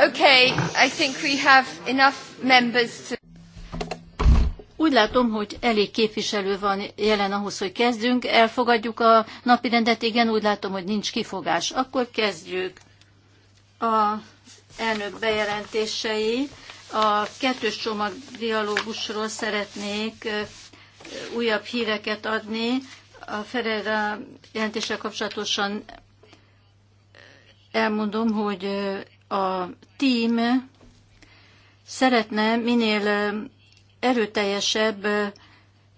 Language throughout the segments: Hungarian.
Okay, I think we have enough members to... Úgy látom, hogy elég képviselő van jelen ahhoz, hogy kezdjünk. Elfogadjuk a napirendet. Igen, úgy látom, hogy nincs kifogás. Akkor kezdjük. A elnök bejelentései. A kettős csomag dialógusról szeretnék újabb híreket adni. A Ferreira jelentéssel kapcsolatosan elmondom, hogy a tím szeretne minél erőteljesebb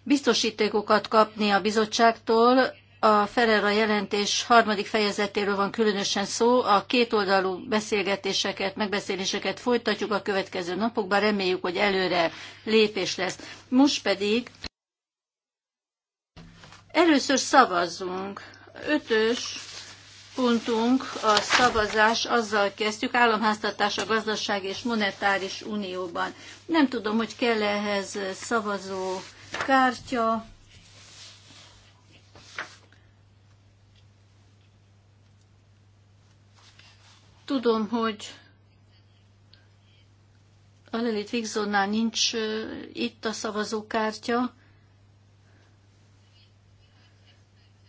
biztosítékokat kapni a bizottságtól. A Ferrera jelentés harmadik fejezetéről van különösen szó. A kétoldalú beszélgetéseket, megbeszéléseket folytatjuk a következő napokban. Reméljük, hogy előre lépés lesz. Most pedig először szavazzunk. Ötös pontunk, a szavazás, azzal kezdtük, államháztartás, a gazdaság és monetáris unióban. Nem tudom, hogy kell -e ehhez szavazó kártya. Tudom, hogy a Lelit Vigzonnál nincs itt a szavazókártya.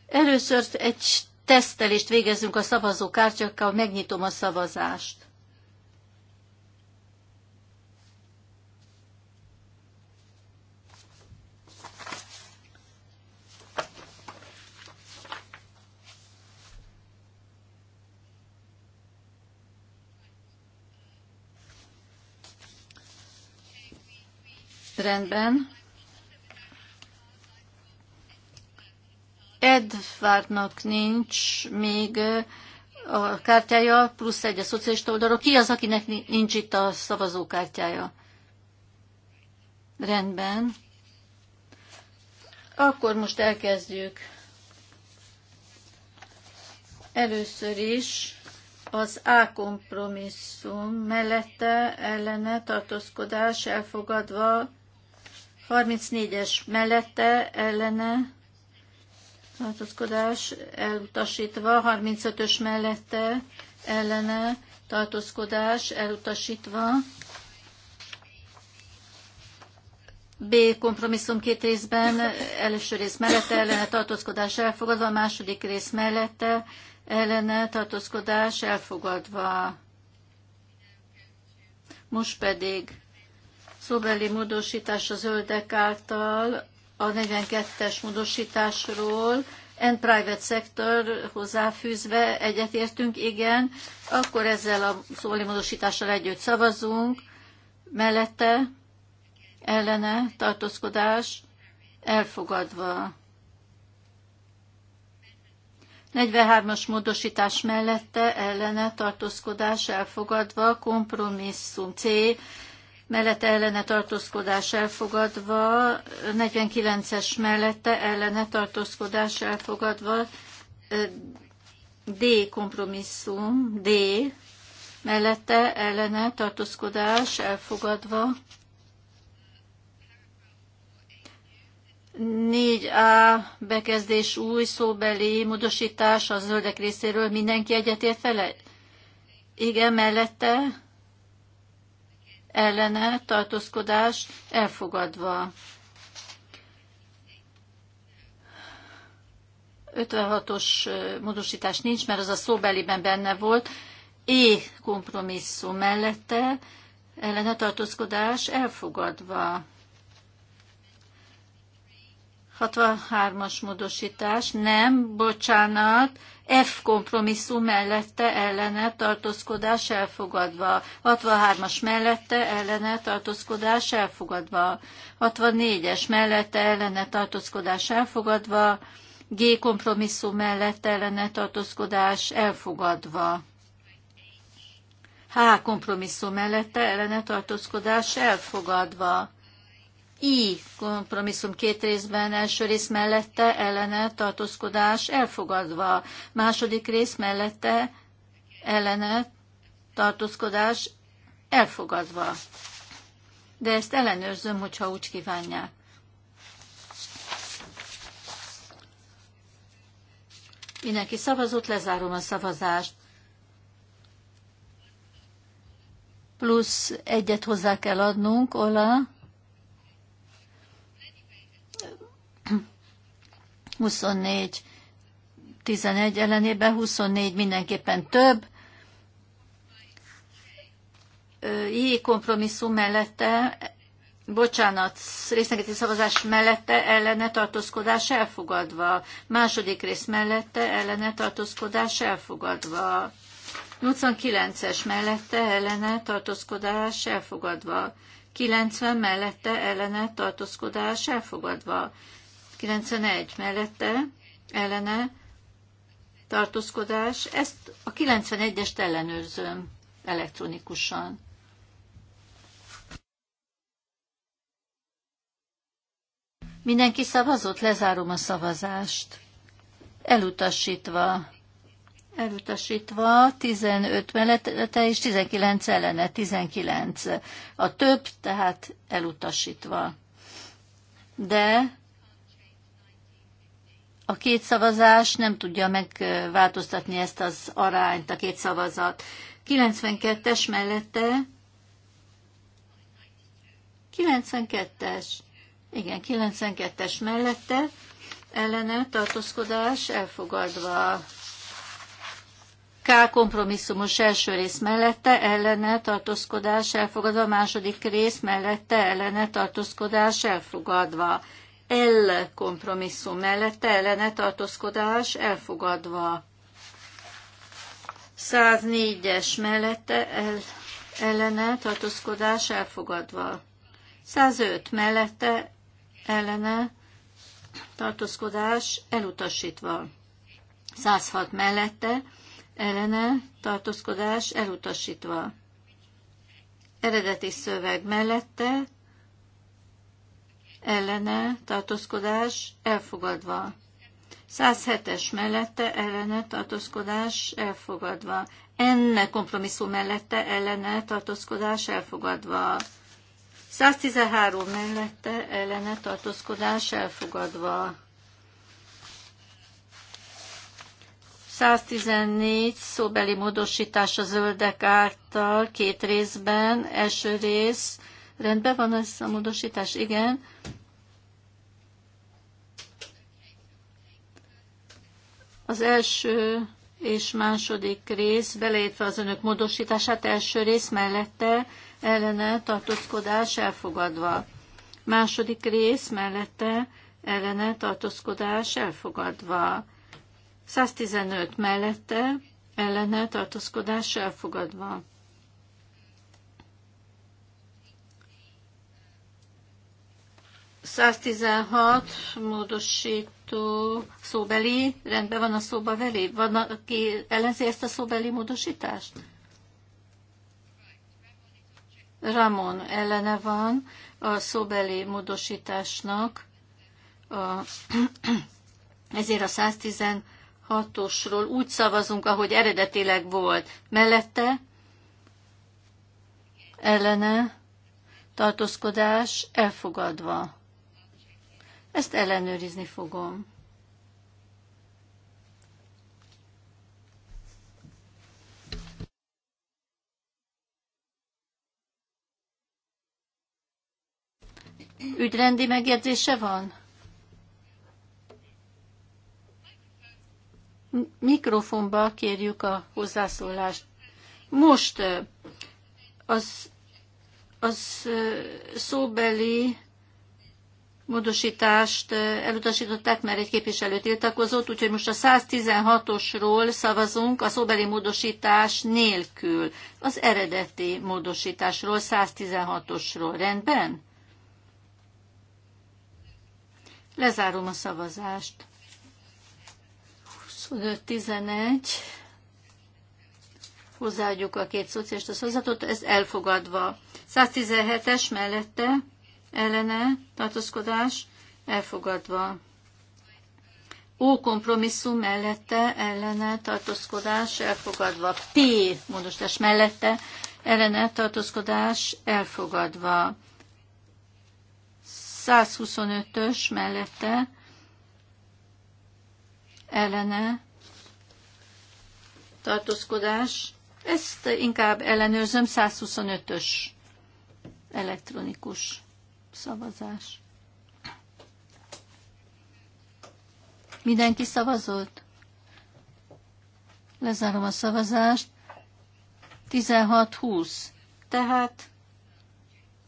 Először egy tesztelést végezzünk a szavazókártyákkal, megnyitom a szavazást. Rendben. Edvárnak nincs még a kártyája, plusz egy a szocialista oldalról. Ki az, akinek nincs itt a szavazókártyája? Rendben. Akkor most elkezdjük. Először is az A kompromisszum mellette ellene tartózkodás elfogadva, 34-es mellette ellene tartózkodás elutasítva, 35-ös mellette ellene tartózkodás elutasítva, B kompromisszum két részben, első rész mellette ellene tartózkodás elfogadva, a második rész mellette ellene tartózkodás elfogadva. Most pedig szóbeli módosítás a zöldek által a 42-es módosításról, and private sector hozzáfűzve egyetértünk, igen, akkor ezzel a szóli módosítással együtt szavazunk, mellette, ellene, tartózkodás, elfogadva. 43-as módosítás mellette ellene tartózkodás elfogadva, kompromisszum C mellette ellene tartózkodás elfogadva, 49-es mellette ellene tartózkodás elfogadva, D kompromisszum, D mellette ellene tartózkodás elfogadva, 4A bekezdés új szóbeli módosítás a zöldek részéről mindenki egyetért vele? Igen, mellette ellene tartózkodás elfogadva. 56-os módosítás nincs, mert az a szóbeliben benne volt. É kompromisszum mellette ellene tartózkodás elfogadva. 63-as módosítás, nem, bocsánat, F kompromisszum mellette ellene tartózkodás elfogadva, 63-as mellette ellene tartózkodás elfogadva, 64-es mellette ellene tartózkodás elfogadva, G kompromisszum mellette ellene tartózkodás elfogadva. H kompromisszum mellette ellene tartózkodás elfogadva. I kompromisszum két részben, első rész mellette, ellene, tartózkodás elfogadva, második rész mellette, ellene, tartózkodás elfogadva. De ezt ellenőrzöm, hogyha úgy kívánják. Mindenki szavazott, lezárom a szavazást. Plusz egyet hozzá kell adnunk, Ola. 24 11 ellenében 24 mindenképpen több. J kompromisszum mellette, bocsánat, részlegeti szavazás mellette ellene tartózkodás elfogadva. Második rész mellette ellene tartózkodás elfogadva. 89-es mellette ellene tartózkodás elfogadva. 90 mellette ellene tartózkodás elfogadva. 91 mellette ellene tartózkodás. Ezt a 91-est ellenőrzöm elektronikusan. Mindenki szavazott, lezárom a szavazást. Elutasítva. Elutasítva 15 mellette és 19 ellene, 19. A több tehát elutasítva. De a két szavazás nem tudja megváltoztatni ezt az arányt, a két szavazat. 92-es mellette 92-es, igen, 92-es mellette ellene tartózkodás elfogadva. K kompromisszumos első rész mellette ellene tartózkodás elfogadva, második rész mellette ellene tartózkodás elfogadva. L kompromisszum mellette ellene tartózkodás elfogadva. 104-es mellette el, ellene tartózkodás elfogadva. 105 mellette ellene tartózkodás elutasítva. 106 mellette ellene tartózkodás elutasítva. Eredeti szöveg mellette ellene tartózkodás elfogadva. 107-es mellette ellene tartózkodás elfogadva. Enne kompromisszum mellette ellene tartózkodás elfogadva. 113 mellette ellene tartózkodás elfogadva. 114 szóbeli módosítás a zöldek által két részben. Első rész Rendben van ez a módosítás? Igen. Az első és második rész, beleértve az önök módosítását, első rész mellette ellene tartózkodás elfogadva. Második rész mellette ellene tartózkodás elfogadva. 115 mellette ellene tartózkodás elfogadva. 116 módosító szóbeli, rendben van a szóba velé? Van, aki ellenzi ezt a szóbeli módosítást? Ramon ellene van a szóbeli módosításnak, a, ezért a 116-osról úgy szavazunk, ahogy eredetileg volt. Mellette ellene tartózkodás elfogadva. Ezt ellenőrizni fogom. Ügyrendi megjegyzése van? Mikrofonba kérjük a hozzászólást. Most az, az szóbeli módosítást elutasították, mert egy képviselő tiltakozott, úgyhogy most a 116-osról szavazunk a szóbeli módosítás nélkül, az eredeti módosításról, 116-osról. Rendben? Lezárom a szavazást. 25-11. Hozzáadjuk a két szociális szavazatot, ez elfogadva. 117-es mellette ellene tartózkodás elfogadva. Ó kompromisszum mellette ellene tartózkodás elfogadva. P módosítás mellette ellene tartózkodás elfogadva. 125-ös mellette ellene tartózkodás. Ezt inkább ellenőrzöm, 125-ös elektronikus szavazás. Mindenki szavazott? Lezárom a szavazást. 16-20. Tehát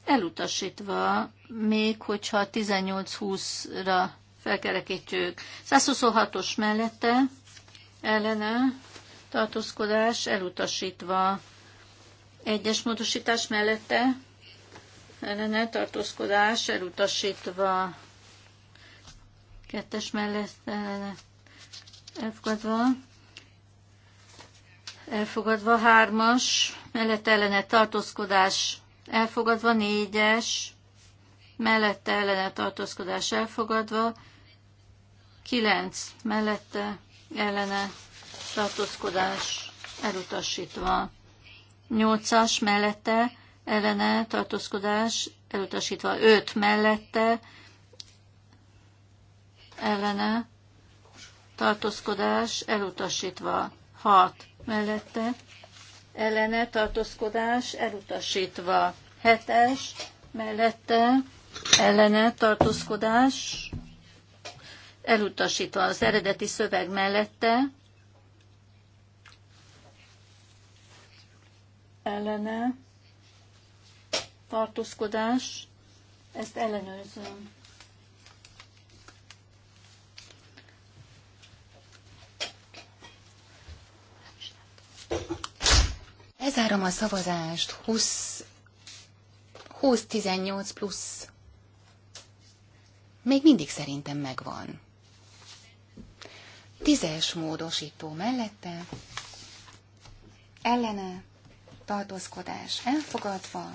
elutasítva, még hogyha 18-20-ra felkerekítjük. 126-os mellette ellene tartózkodás elutasítva. Egyes módosítás mellette ellene tartózkodás elutasítva. Kettes mellett ellene elfogadva. Elfogadva hármas, mellett ellene tartózkodás elfogadva, négyes, mellette ellene tartózkodás elfogadva, kilenc, mellette ellene tartózkodás elutasítva. Nyolcas mellette ellene tartózkodás elutasítva őt mellette ellene tartózkodás elutasítva hat mellette ellene tartózkodás elutasítva hetes mellette ellene tartózkodás elutasítva az eredeti szöveg mellette ellene tartózkodás, ezt ellenőrzöm. Lezárom a szavazást 20 20-18 plusz. Még mindig szerintem megvan. Tízes módosító mellette, ellene, tartózkodás elfogadva,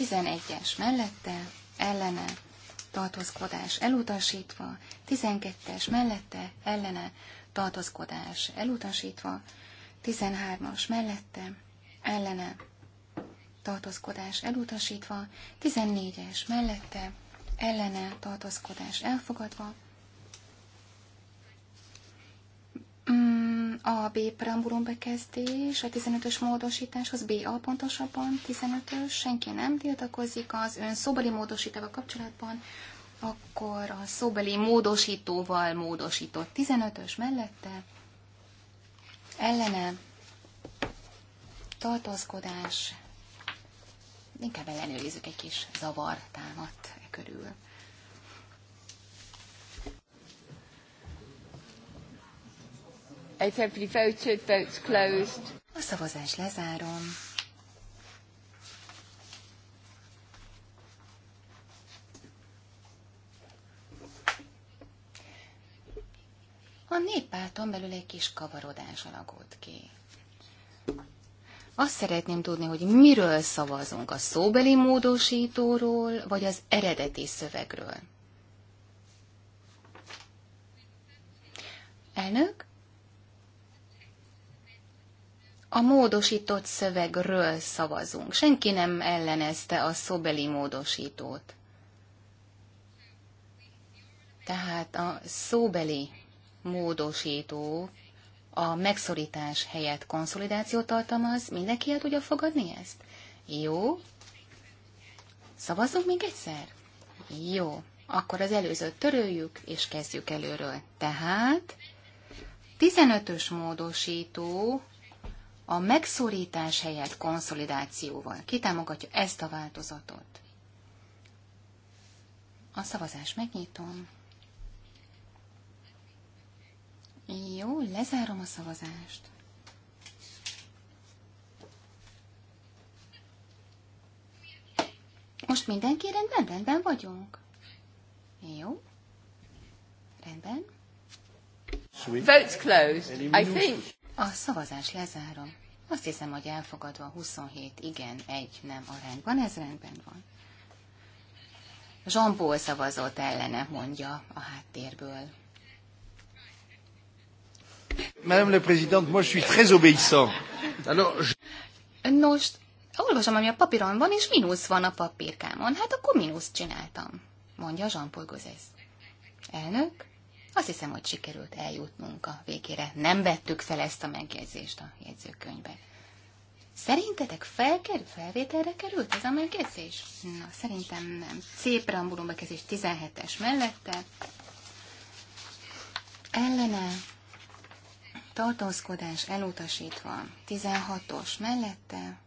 11-es mellette, ellene, tartózkodás elutasítva, 12-es mellette, ellene, tartózkodás elutasítva, 13-as mellette, ellene, tartózkodás elutasítva, 14-es mellette, ellene, tartózkodás elfogadva, A B preambulum bekezdés, a 15-ös módosításhoz, B a pontosabban, 15-ös, senki nem tiltakozik az ön szóbeli módosítával kapcsolatban, akkor a szóbeli módosítóval módosított 15-ös mellette ellene tartózkodás, inkább ellenőrizzük egy kis zavar támadt e körül. voted? Votes closed. A szavazás lezárom. A néppárton belül egy kis kavarodás alakult ki. Azt szeretném tudni, hogy miről szavazunk, a szóbeli módosítóról, vagy az eredeti szövegről. Elnök, a módosított szövegről szavazunk. Senki nem ellenezte a szobeli módosítót. Tehát a szóbeli módosító a megszorítás helyett konszolidációt tartalmaz. Mindenki el tudja fogadni ezt? Jó. Szavazzunk még egyszer? Jó. Akkor az előzőt töröljük, és kezdjük előről. Tehát 15-ös módosító a megszorítás helyett konszolidációval. Ki támogatja ezt a változatot? A szavazás megnyitom. Jó, lezárom a szavazást. Most mindenki rendben, rendben vagyunk. Jó. Rendben. Votes closed, I think. A szavazás lezárom. Azt hiszem, hogy elfogadva 27 igen, egy nem arányban. Ez rendben van. Jean-Paul szavazott ellene, mondja a háttérből. Madame la Présidente, moi je suis très obéissant. Alors, je... Nos, olvasom, ami a papíron van, és mínusz van a papírkámon. Hát akkor mínuszt csináltam, mondja Jean-Paul Gozes. Elnök, azt hiszem, hogy sikerült eljutnunk a végére. Nem vettük fel ezt a megjegyzést a jegyzőkönyvbe. Szerintetek felkerül, felvételre került ez a megjegyzés? Na, szerintem nem. Szép preambulum bekezdés 17-es mellette. Ellene tartózkodás elutasítva 16-os mellette.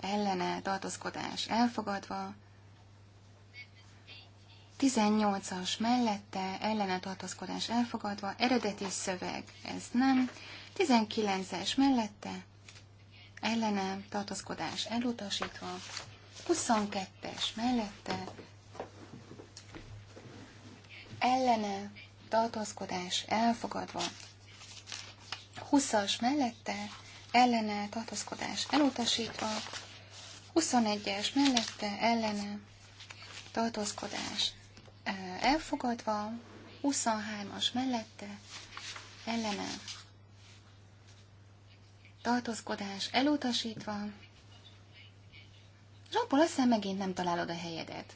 Ellene tartózkodás elfogadva 18-as mellette ellene tartozkodás elfogadva, eredeti szöveg, ez nem. 19-es mellette ellene tartozkodás elutasítva, 22-es mellette ellene tartozkodás elfogadva, 20-as mellette ellene tartozkodás elutasítva, 21-es mellette ellene tartózkodás elfogadva, 23-as mellette, ellene, tartózkodás elutasítva, és abból aztán megint nem találod a helyedet.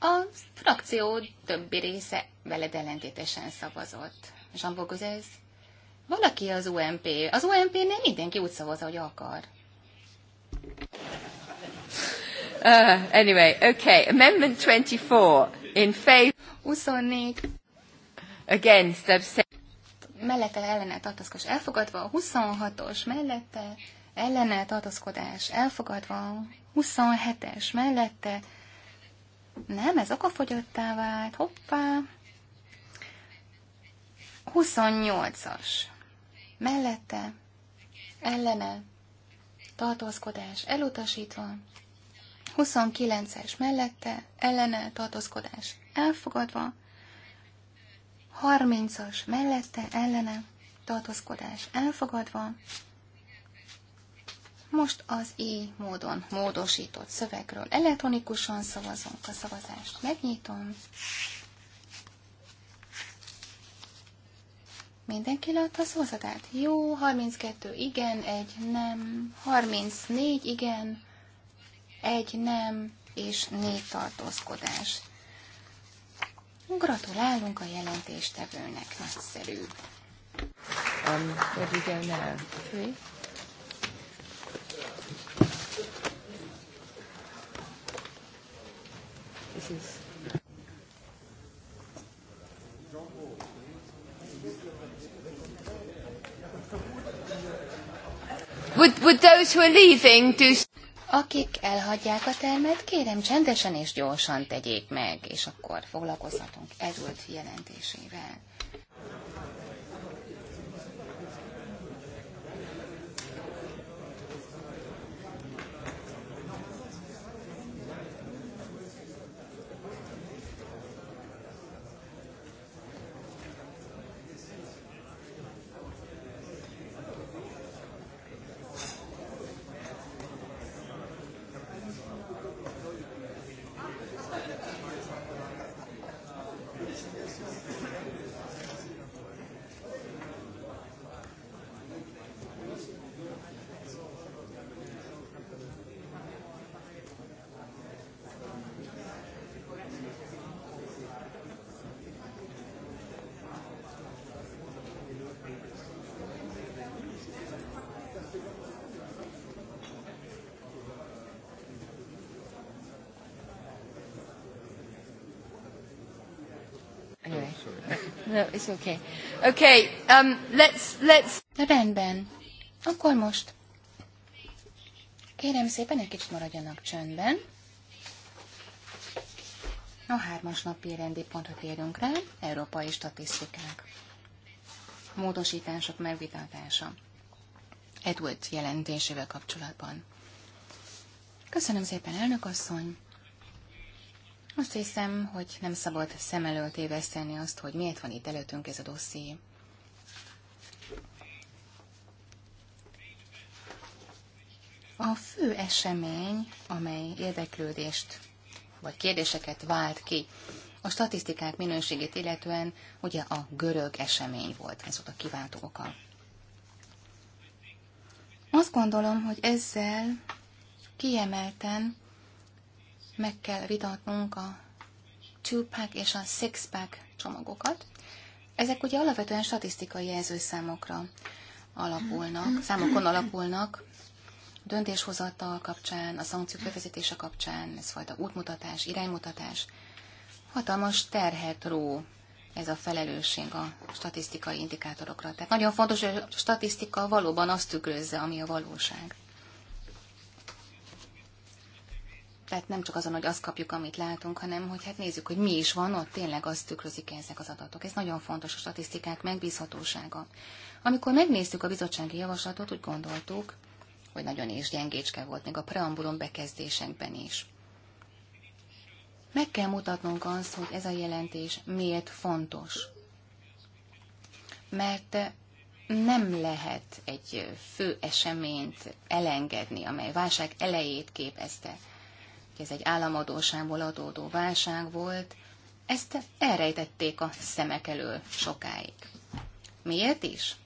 A frakció többi része veled ellentétesen szavazott. Jean Bogozez, valaki az UMP. Az ump nem mindenki úgy szavaz, ahogy akar. Uh, anyway, okay. Amendment 24 in favor. 24. Against abstain. Mellette ellene tartozkodás elfogadva, 26-os mellette ellene tartozkodás elfogadva, 27-es mellette nem, ez okafogyottá vált, hoppá. 28-as mellette ellene tartózkodás elutasítva, 29-es mellette, ellene tartózkodás elfogadva, 30-as mellette, ellene tartózkodás elfogadva, most az így módon módosított szövegről elektronikusan szavazunk. A szavazást megnyitom. Mindenki látta a szózatát? Jó, 32 igen, egy nem, 34 igen, egy nem, és négy tartózkodás. Gratulálunk a jelentéstevőnek, nagyszerű. Um, vagy igen, nem. go This is Would, would those who are leaving do... Akik elhagyják a termet, kérem csendesen és gyorsan tegyék meg, és akkor foglalkozhatunk Edward jelentésével. No, it's okay. Okay, um, let's, let's... Rendben. Akkor most. Kérem szépen, egy kicsit maradjanak csöndben. A hármas napi rendi pontra térjünk rá, európai statisztikák. Módosítások megvitatása. Edward jelentésével kapcsolatban. Köszönöm szépen, elnök asszony! Azt hiszem, hogy nem szabad szem elől téveszteni azt, hogy miért van itt előttünk ez a dosszié. A fő esemény, amely érdeklődést vagy kérdéseket vált ki a statisztikák minőségét illetően, ugye a görög esemény volt, ez volt a kiváltó oka. Azt gondolom, hogy ezzel kiemelten meg kell vitatnunk a two-pack és a six-pack csomagokat. Ezek ugye alapvetően statisztikai jelzőszámokra alapulnak, számokon alapulnak, döntéshozattal kapcsán, a szankciók bevezetése kapcsán, ez fajta útmutatás, iránymutatás. Hatalmas terhet ró ez a felelősség a statisztikai indikátorokra. Tehát nagyon fontos, hogy a statisztika valóban azt tükrözze, ami a valóság. tehát nem csak azon, hogy azt kapjuk, amit látunk, hanem hogy hát nézzük, hogy mi is van ott, tényleg azt tükrözik ezek az adatok. Ez nagyon fontos a statisztikák megbízhatósága. Amikor megnéztük a bizottsági javaslatot, úgy gondoltuk, hogy nagyon is gyengécske volt, még a preambulum bekezdésekben is. Meg kell mutatnunk azt, hogy ez a jelentés miért fontos. Mert nem lehet egy fő eseményt elengedni, amely válság elejét képezte ez egy államadóságból adódó válság volt, ezt elrejtették a szemek elől sokáig. Miért is?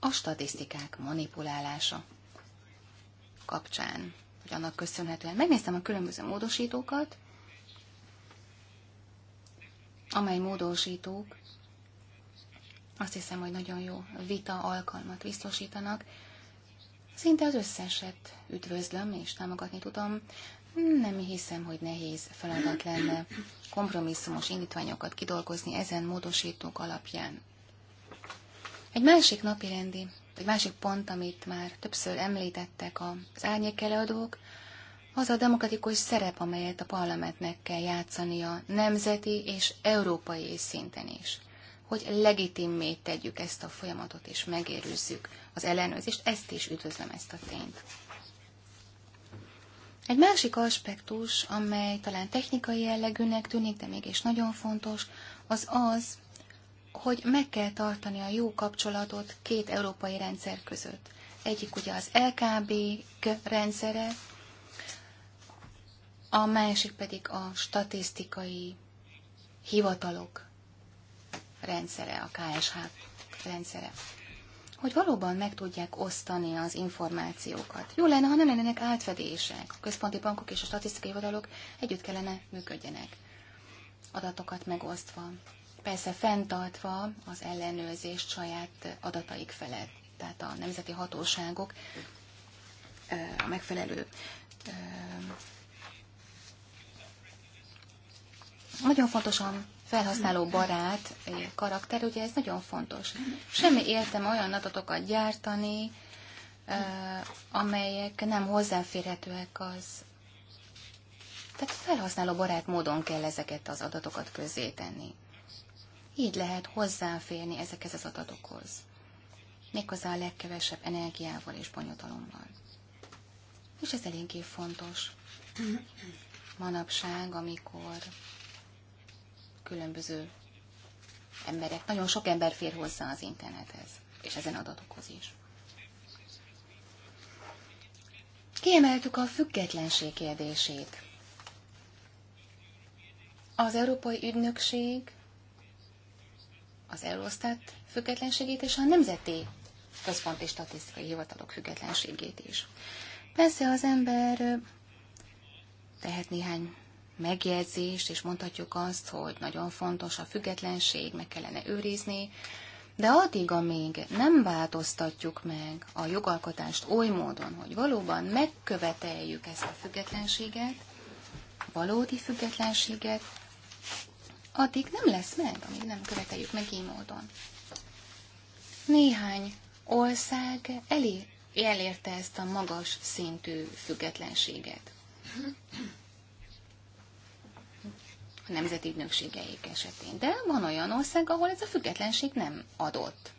A statisztikák manipulálása kapcsán, hogy annak köszönhetően. Megnéztem a különböző módosítókat, amely módosítók azt hiszem, hogy nagyon jó vita alkalmat biztosítanak. Szinte az összeset üdvözlöm és támogatni tudom. Nem hiszem, hogy nehéz feladat lenne kompromisszumos indítványokat kidolgozni ezen módosítók alapján. Egy másik napi rendi, egy másik pont, amit már többször említettek az árnyékelőadók, az a demokratikus szerep, amelyet a parlamentnek kell játszania nemzeti és európai szinten is. Hogy legitimmé tegyük ezt a folyamatot és megérőzzük az ellenőrzést, ezt is üdvözlöm ezt a tényt. Egy másik aspektus, amely talán technikai jellegűnek tűnik, de mégis nagyon fontos, az az, hogy meg kell tartani a jó kapcsolatot két európai rendszer között. Egyik ugye az LKB rendszere, a másik pedig a statisztikai hivatalok rendszere, a KSH rendszere hogy valóban meg tudják osztani az információkat. Jó lenne, ha nem lennének átfedések. A központi bankok és a statisztikai hivatalok együtt kellene működjenek, adatokat megosztva. Persze fenntartva az ellenőrzést saját adataik felett, tehát a nemzeti hatóságok a megfelelő nagyon fontos a felhasználó barát eh, karakter, ugye ez nagyon fontos. Semmi értem olyan adatokat gyártani, eh, amelyek nem hozzáférhetőek az. Tehát felhasználó barát módon kell ezeket az adatokat közzé tenni. Így lehet hozzáférni ezekhez az adatokhoz. Méghozzá a legkevesebb energiával és bonyodalommal. És ez eléggé fontos. Manapság, amikor különböző emberek, nagyon sok ember fér hozzá az internethez, és ezen adatokhoz is. Kiemeltük a függetlenség kérdését. Az Európai Ügynökség, az Eurostat függetlenségét és a Nemzeti Központi Statisztikai Hivatalok függetlenségét is. Persze az ember tehet néhány megjegyzést, és mondhatjuk azt, hogy nagyon fontos a függetlenség, meg kellene őrizni, de addig, amíg nem változtatjuk meg a jogalkotást oly módon, hogy valóban megköveteljük ezt a függetlenséget, valódi függetlenséget, addig nem lesz meg, amíg nem követeljük meg így módon. Néhány ország elé, elérte ezt a magas szintű függetlenséget a nemzeti ügynökségeik esetén. De van olyan ország, ahol ez a függetlenség nem adott.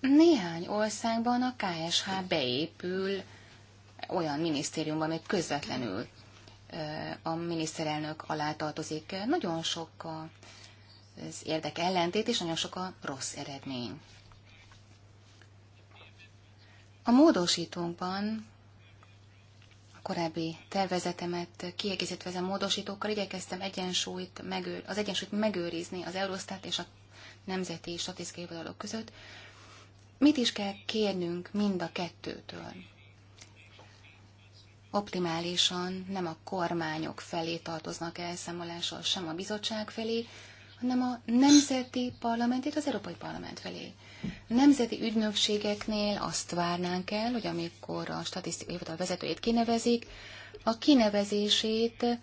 Néhány országban a KSH beépül olyan minisztériumban, amely közvetlenül a miniszterelnök alá tartozik. Nagyon sok az érdek ellentét, és nagyon sok a rossz eredmény. A módosítónkban korábbi tervezetemet kiegészítve ezen módosítókkal igyekeztem egyensúlyt megőr, az egyensúlyt megőrizni az Eurostat és a nemzeti statisztikai hivatalok között. Mit is kell kérnünk mind a kettőtől? Optimálisan nem a kormányok felé tartoznak elszámolással, sem a bizottság felé, hanem a nemzeti parlamentét az Európai Parlament felé. A nemzeti ügynökségeknél azt várnánk el, hogy amikor a statisztikai hivatal vezetőjét kinevezik, a kinevezését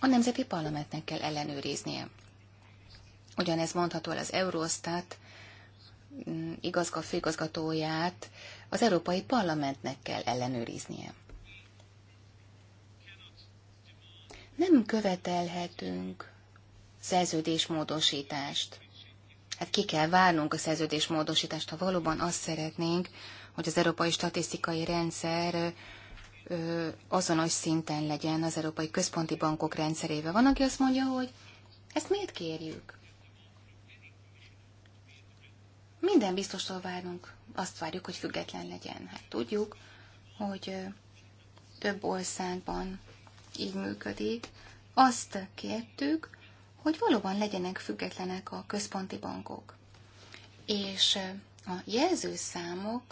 a nemzeti parlamentnek kell ellenőriznie. Ugyanez mondható el az Eurostat mm, igazga főigazgatóját az Európai Parlamentnek kell ellenőriznie. Nem követelhetünk szerződésmódosítást. Hát ki kell várnunk a szerződésmódosítást, ha valóban azt szeretnénk, hogy az európai statisztikai rendszer ö, azonos szinten legyen az európai központi bankok rendszerével. Van, aki azt mondja, hogy ezt miért kérjük? Minden biztostól várunk, azt várjuk, hogy független legyen. Hát tudjuk, hogy több országban így működik. Azt kértük, hogy valóban legyenek függetlenek a központi bankok. És a jelzőszámok,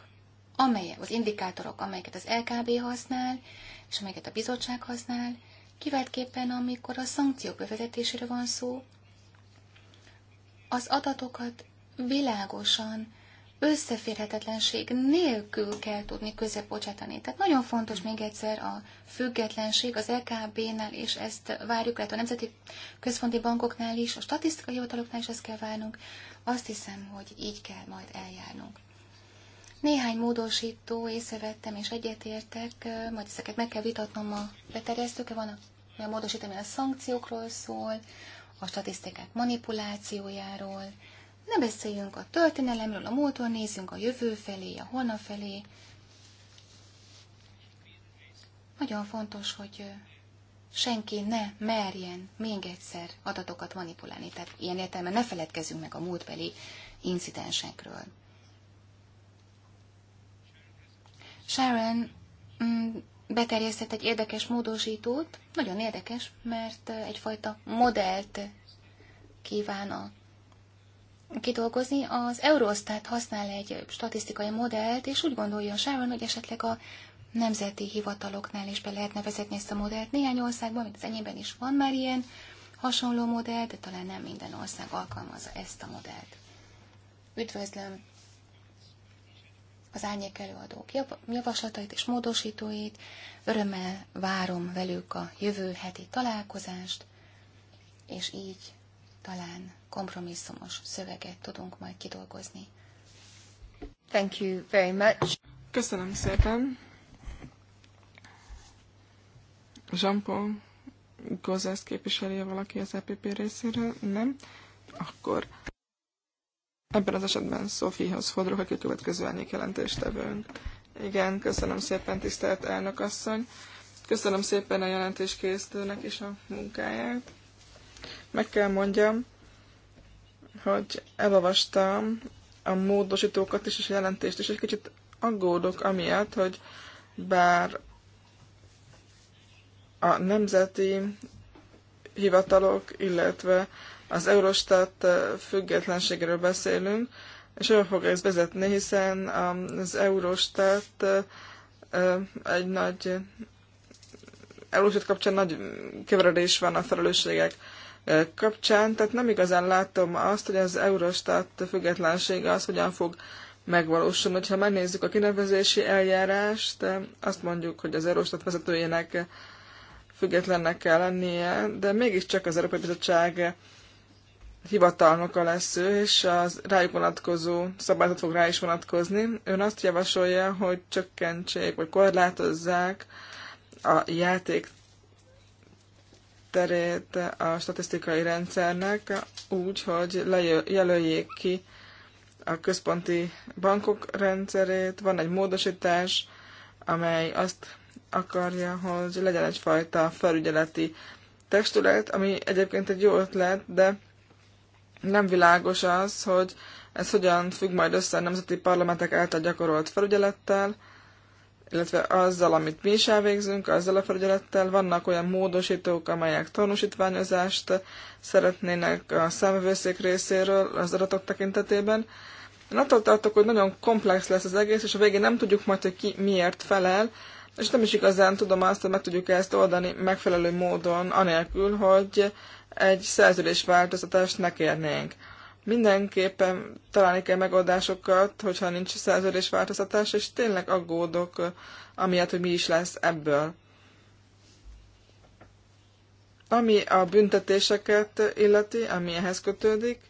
amelyek, az indikátorok, amelyeket az LKB használ, és amelyeket a bizottság használ, kiváltképpen amikor a szankciók bevezetésére van szó, az adatokat világosan összeférhetetlenség nélkül kell tudni közepocsátani. Tehát nagyon fontos még egyszer a függetlenség az LKB-nál, és ezt várjuk, lehet a nemzeti központi bankoknál is, a statisztikai hivataloknál is ezt kell várnunk. Azt hiszem, hogy így kell majd eljárnunk. Néhány módosító észrevettem és egyetértek, majd ezeket meg kell vitatnom a beterjesztőkkel. van a, a módosító, ami a szankciókról szól, a statisztikák manipulációjáról, ne beszéljünk a történelemről, a múltról, nézzünk a jövő felé, a holnap felé. Nagyon fontos, hogy senki ne merjen még egyszer adatokat manipulálni. Tehát ilyen értelemben ne feledkezzünk meg a múltbeli incidensekről. Sharon mm, beterjesztett egy érdekes módosítót, nagyon érdekes, mert egyfajta modellt kíván a kidolgozni. Az Eurostat használ egy statisztikai modellt, és úgy gondolja Sharon, hogy esetleg a nemzeti hivataloknál is be lehetne vezetni ezt a modellt. Néhány országban, mint az enyében is van már ilyen hasonló modell, de talán nem minden ország alkalmazza ezt a modellt. Üdvözlöm az árnyék előadók javaslatait és módosítóit. Örömmel várom velük a jövő heti találkozást, és így talán kompromisszumos szöveget tudunk majd kidolgozni. Thank you very much. Köszönöm szépen. Jean-Paul Gozes képviseli valaki az EPP részéről? Nem? Akkor ebben az esetben Szofihoz fordulok, aki a következő elnék jelentéstevőnk. Igen, köszönöm szépen, tisztelt elnök asszony. Köszönöm szépen a jelentéskészítőnek és a munkáját. Meg kell mondjam, hogy elolvastam a módosítókat is, és a jelentést is, és egy kicsit aggódok amiatt, hogy bár a nemzeti hivatalok, illetve az Eurostat eh, függetlenségéről beszélünk, és olyan fog ez vezetni, hiszen az Eurostat eh, eh, egy nagy Eurostat kapcsán nagy keveredés van a felelősségek kapcsán, tehát nem igazán látom azt, hogy az Eurostat függetlensége az hogyan fog megvalósulni. Ha megnézzük a kinevezési eljárást, azt mondjuk, hogy az Eurostat vezetőjének függetlennek kell lennie, de mégiscsak az Európai Bizottság hivatalnoka lesz ő, és az rájuk vonatkozó szabályzat fog rá is vonatkozni. Ön azt javasolja, hogy csökkentsék, vagy korlátozzák a játék terét a statisztikai rendszernek úgy, hogy jelöljék ki a központi bankok rendszerét. Van egy módosítás, amely azt akarja, hogy legyen egyfajta felügyeleti testület, ami egyébként egy jó ötlet, de nem világos az, hogy ez hogyan függ majd össze a nemzeti parlamentek által gyakorolt felügyelettel, illetve azzal, amit mi is elvégzünk, azzal a felügyelettel. Vannak olyan módosítók, amelyek tanúsítványozást szeretnének a számvőszék részéről az adatok tekintetében. Én attól tartok, hogy nagyon komplex lesz az egész, és a végén nem tudjuk majd, hogy ki miért felel, és nem is igazán tudom azt, hogy meg tudjuk ezt oldani megfelelő módon, anélkül, hogy egy szerződésváltoztatást ne kérnénk mindenképpen találni kell megoldásokat, hogyha nincs szerződés változtatás, és tényleg aggódok amiatt, hogy mi is lesz ebből. Ami a büntetéseket illeti, ami ehhez kötődik,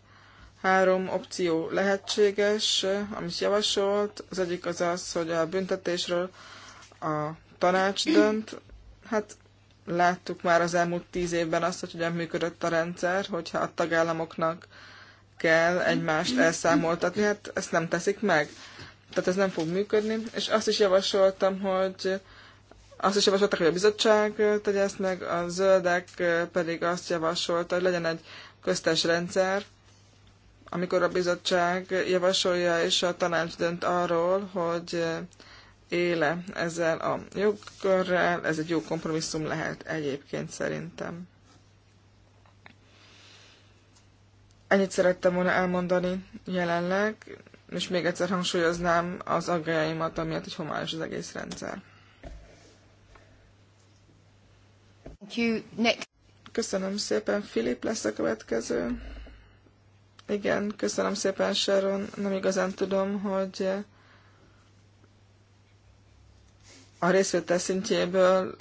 három opció lehetséges, amit javasolt. Az egyik az az, hogy a büntetésről a tanács dönt. Hát láttuk már az elmúlt tíz évben azt, hogy hogyan működött a rendszer, hogyha a tagállamoknak kell egymást elszámoltatni, hát ezt nem teszik meg. Tehát ez nem fog működni, és azt is javasoltam, hogy azt is javasolták, hogy a bizottság tegye ezt meg, a zöldek pedig azt javasolta, hogy legyen egy köztes rendszer, amikor a bizottság javasolja és a tanács dönt arról, hogy éle ezzel a jogkörrel, ez egy jó kompromisszum lehet egyébként szerintem. Ennyit szerettem volna elmondani jelenleg, és még egyszer hangsúlyoznám az aggájaimat, amiatt, hogy homályos az egész rendszer. Köszönöm szépen, Filip lesz a következő. Igen, köszönöm szépen, Sharon. Nem igazán tudom, hogy a részvétel szintjéből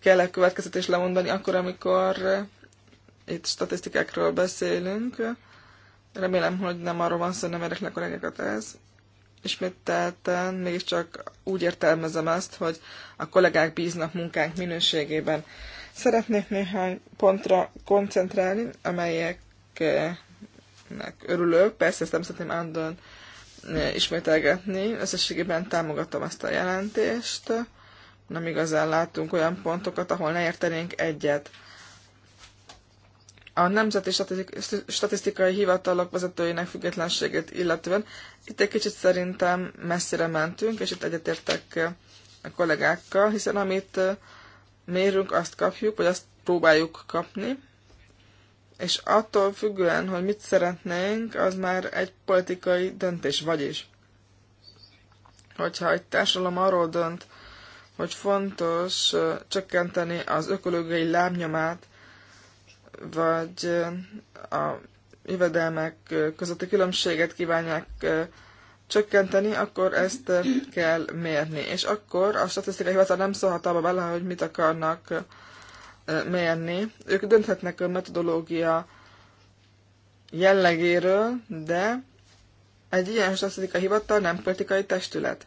kell-e következetés lemondani akkor, amikor itt statisztikákról beszélünk. Remélem, hogy nem arról van szó, nem érdekli a kollégákat ez. Ismételten mégiscsak úgy értelmezem ezt, hogy a kollégák bíznak munkánk minőségében. Szeretnék néhány pontra koncentrálni, amelyeknek örülök. Persze ezt nem szeretném állandóan eh, ismételgetni. Összességében támogatom ezt a jelentést. Nem igazán látunk olyan pontokat, ahol ne értenénk egyet a Nemzeti Statisztikai Hivatalok vezetőinek függetlenségét illetően itt egy kicsit szerintem messzire mentünk, és itt egyetértek a eh, kollégákkal, hiszen amit eh, mérünk, azt kapjuk, vagy azt próbáljuk kapni, és attól függően, hogy mit szeretnénk, az már egy politikai döntés, vagyis. Hogyha egy társadalom arról dönt, hogy fontos eh, csökkenteni az ökológiai lábnyomát vagy a jövedelmek közötti különbséget kívánják csökkenteni, akkor ezt kell mérni. És akkor a statisztikai hivatal nem szólhat abba bele, hogy mit akarnak mérni. Ők dönthetnek a metodológia jellegéről, de egy ilyen statisztikai hivatal nem politikai testület.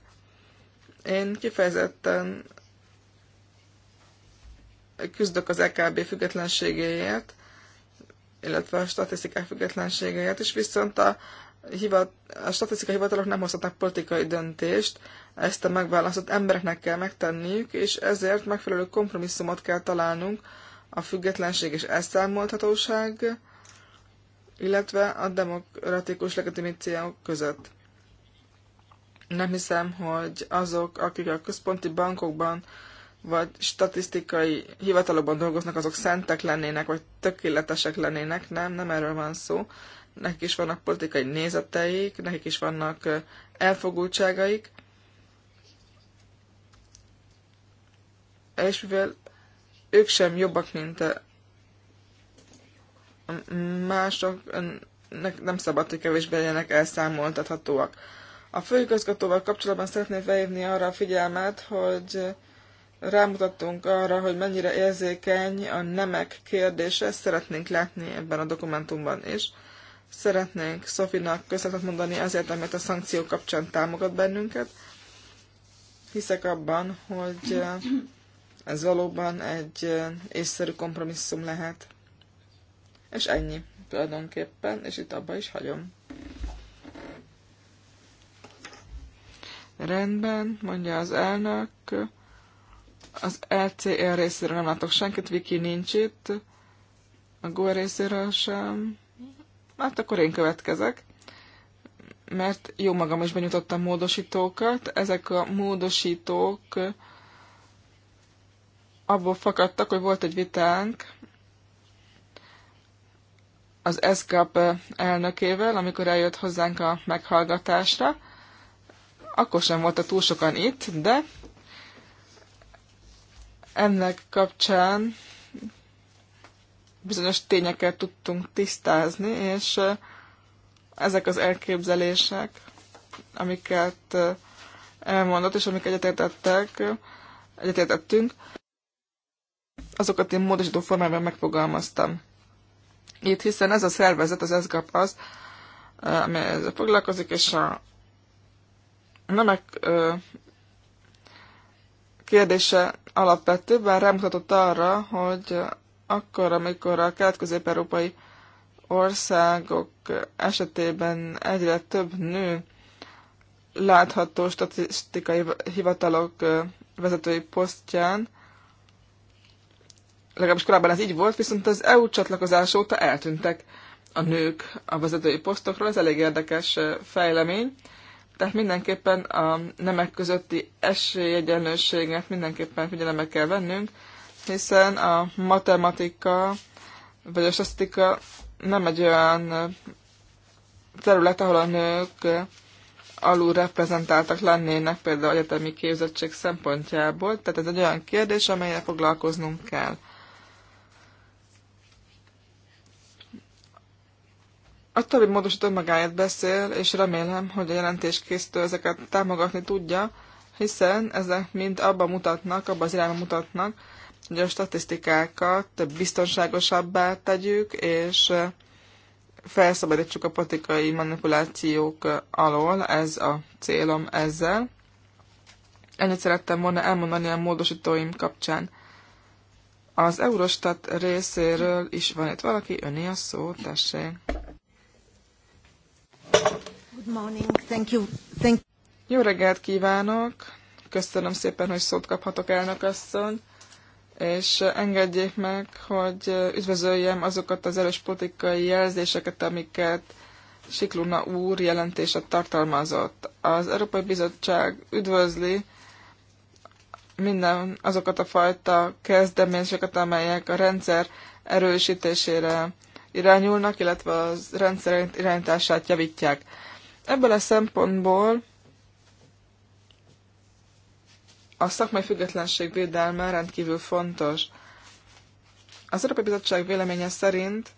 Én kifejezetten küzdök az EKB függetlenségéért, illetve a statisztikák függetlenségéért és viszont a, hivat, a statisztikai hivatalok nem hozhatnak politikai döntést, ezt a megválasztott embereknek kell megtenniük, és ezért megfelelő kompromisszumot kell találnunk a függetlenség és elszámolthatóság, illetve a demokratikus legitimáció között. Nem hiszem, hogy azok, akik a központi bankokban vagy statisztikai hivatalokban dolgoznak, azok szentek lennének, vagy tökéletesek lennének. Nem, nem erről van szó. Nekik is vannak politikai nézeteik, nekik is vannak elfogultságaik. És mivel ők sem jobbak, mint mások, nem szabad, hogy kevésbé legyenek elszámoltathatóak. A főigazgatóval kapcsolatban szeretném felhívni arra a figyelmet, hogy rámutattunk arra, hogy mennyire érzékeny a nemek kérdése, ezt szeretnénk látni ebben a dokumentumban is. Szeretnénk Szofinak köszönetet mondani azért, amit a szankció kapcsán támogat bennünket. Hiszek abban, hogy ez valóban egy észszerű kompromisszum lehet. És ennyi tulajdonképpen, és itt abba is hagyom. Rendben, mondja az elnök. Az LCR e részéről nem látok senkit, Viki nincs itt, a Go e részéről sem. Hát akkor én következek, mert jó magam is benyújtottam módosítókat. Ezek a módosítók abból fakadtak, hogy volt egy vitánk az ESCAP elnökével, amikor eljött hozzánk a meghallgatásra. Akkor sem voltak túl sokan itt, de ennek kapcsán bizonyos tényeket tudtunk tisztázni, és ezek az elképzelések, amiket elmondott, és amik egyetértettek, egyetértettünk, azokat én módosító formában megfogalmaztam. Itt hiszen ez a szervezet, az ESGAP az, ami ezzel foglalkozik, és a nemek kérdése alapvető, bár rámutatott arra, hogy akkor, amikor a kelet-közép-európai országok esetében egyre több nő látható statisztikai hivatalok vezetői posztján, legalábbis korábban ez így volt, viszont az EU csatlakozás óta eltűntek a nők a vezetői posztokról, ez elég érdekes fejlemény, tehát mindenképpen a nemek közötti esélyegyenlőséget mindenképpen figyelembe kell vennünk, hiszen a matematika vagy a statisztika nem egy olyan terület, ahol a nők alul reprezentáltak lennének például egyetemi képzettség szempontjából. Tehát ez egy olyan kérdés, amelyre foglalkoznunk kell. A többi módosító magáért beszél, és remélem, hogy a jelentés készítő ezeket támogatni tudja, hiszen ezek mind abban mutatnak, abban az irányban mutatnak, hogy a statisztikákat biztonságosabbá tegyük, és felszabadítsuk a politikai manipulációk alól, ez a célom ezzel. Ennyit szerettem volna elmondani a módosítóim kapcsán. Az Eurostat részéről is van itt valaki, öné a szó, tessék. Good morning, thank you. Thank Jó reggelt kívánok! Köszönöm szépen, hogy szót kaphatok, elnök asszony, és engedjék meg, hogy üdvözöljem azokat az erős politikai jelzéseket, amiket Sikluna úr jelentése tartalmazott. Az Európai Bizottság üdvözli minden azokat a fajta kezdeményezéseket, amelyek a rendszer erősítésére irányulnak, illetve az rendszer irányítását javítják. Ebből a szempontból a szakmai függetlenség védelme rendkívül fontos. Az Európai Bizottság véleménye szerint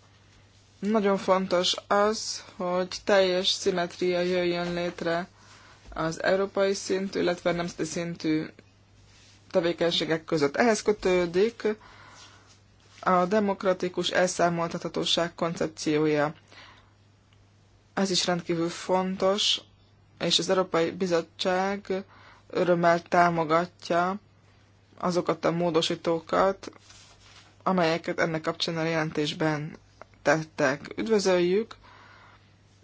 nagyon fontos az, hogy teljes szimetria jöjjön létre az európai szintű, illetve nemzeti szintű tevékenységek között. Ehhez kötődik a demokratikus elszámoltathatóság koncepciója. Ez is rendkívül fontos, és az Európai Bizottság örömmel támogatja azokat a módosítókat, amelyeket ennek kapcsán a jelentésben tettek. Üdvözöljük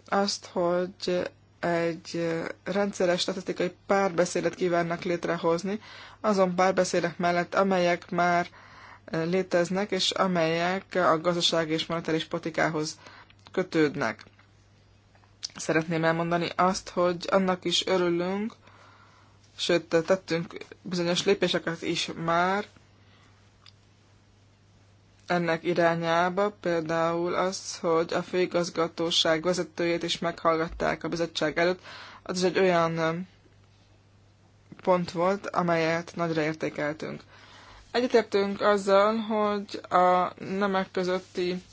azt, hogy egy rendszeres statisztikai párbeszédet kívánnak létrehozni, azon párbeszédek mellett, amelyek már léteznek, és amelyek a gazdaság és monetáris politikához kötődnek. Szeretném elmondani azt, hogy annak is örülünk, sőt, tettünk bizonyos lépéseket is már ennek irányába, például az, hogy a főigazgatóság vezetőjét is meghallgatták a bizottság előtt, az is egy olyan pont volt, amelyet nagyra értékeltünk. Egyetértünk azzal, hogy a nemek közötti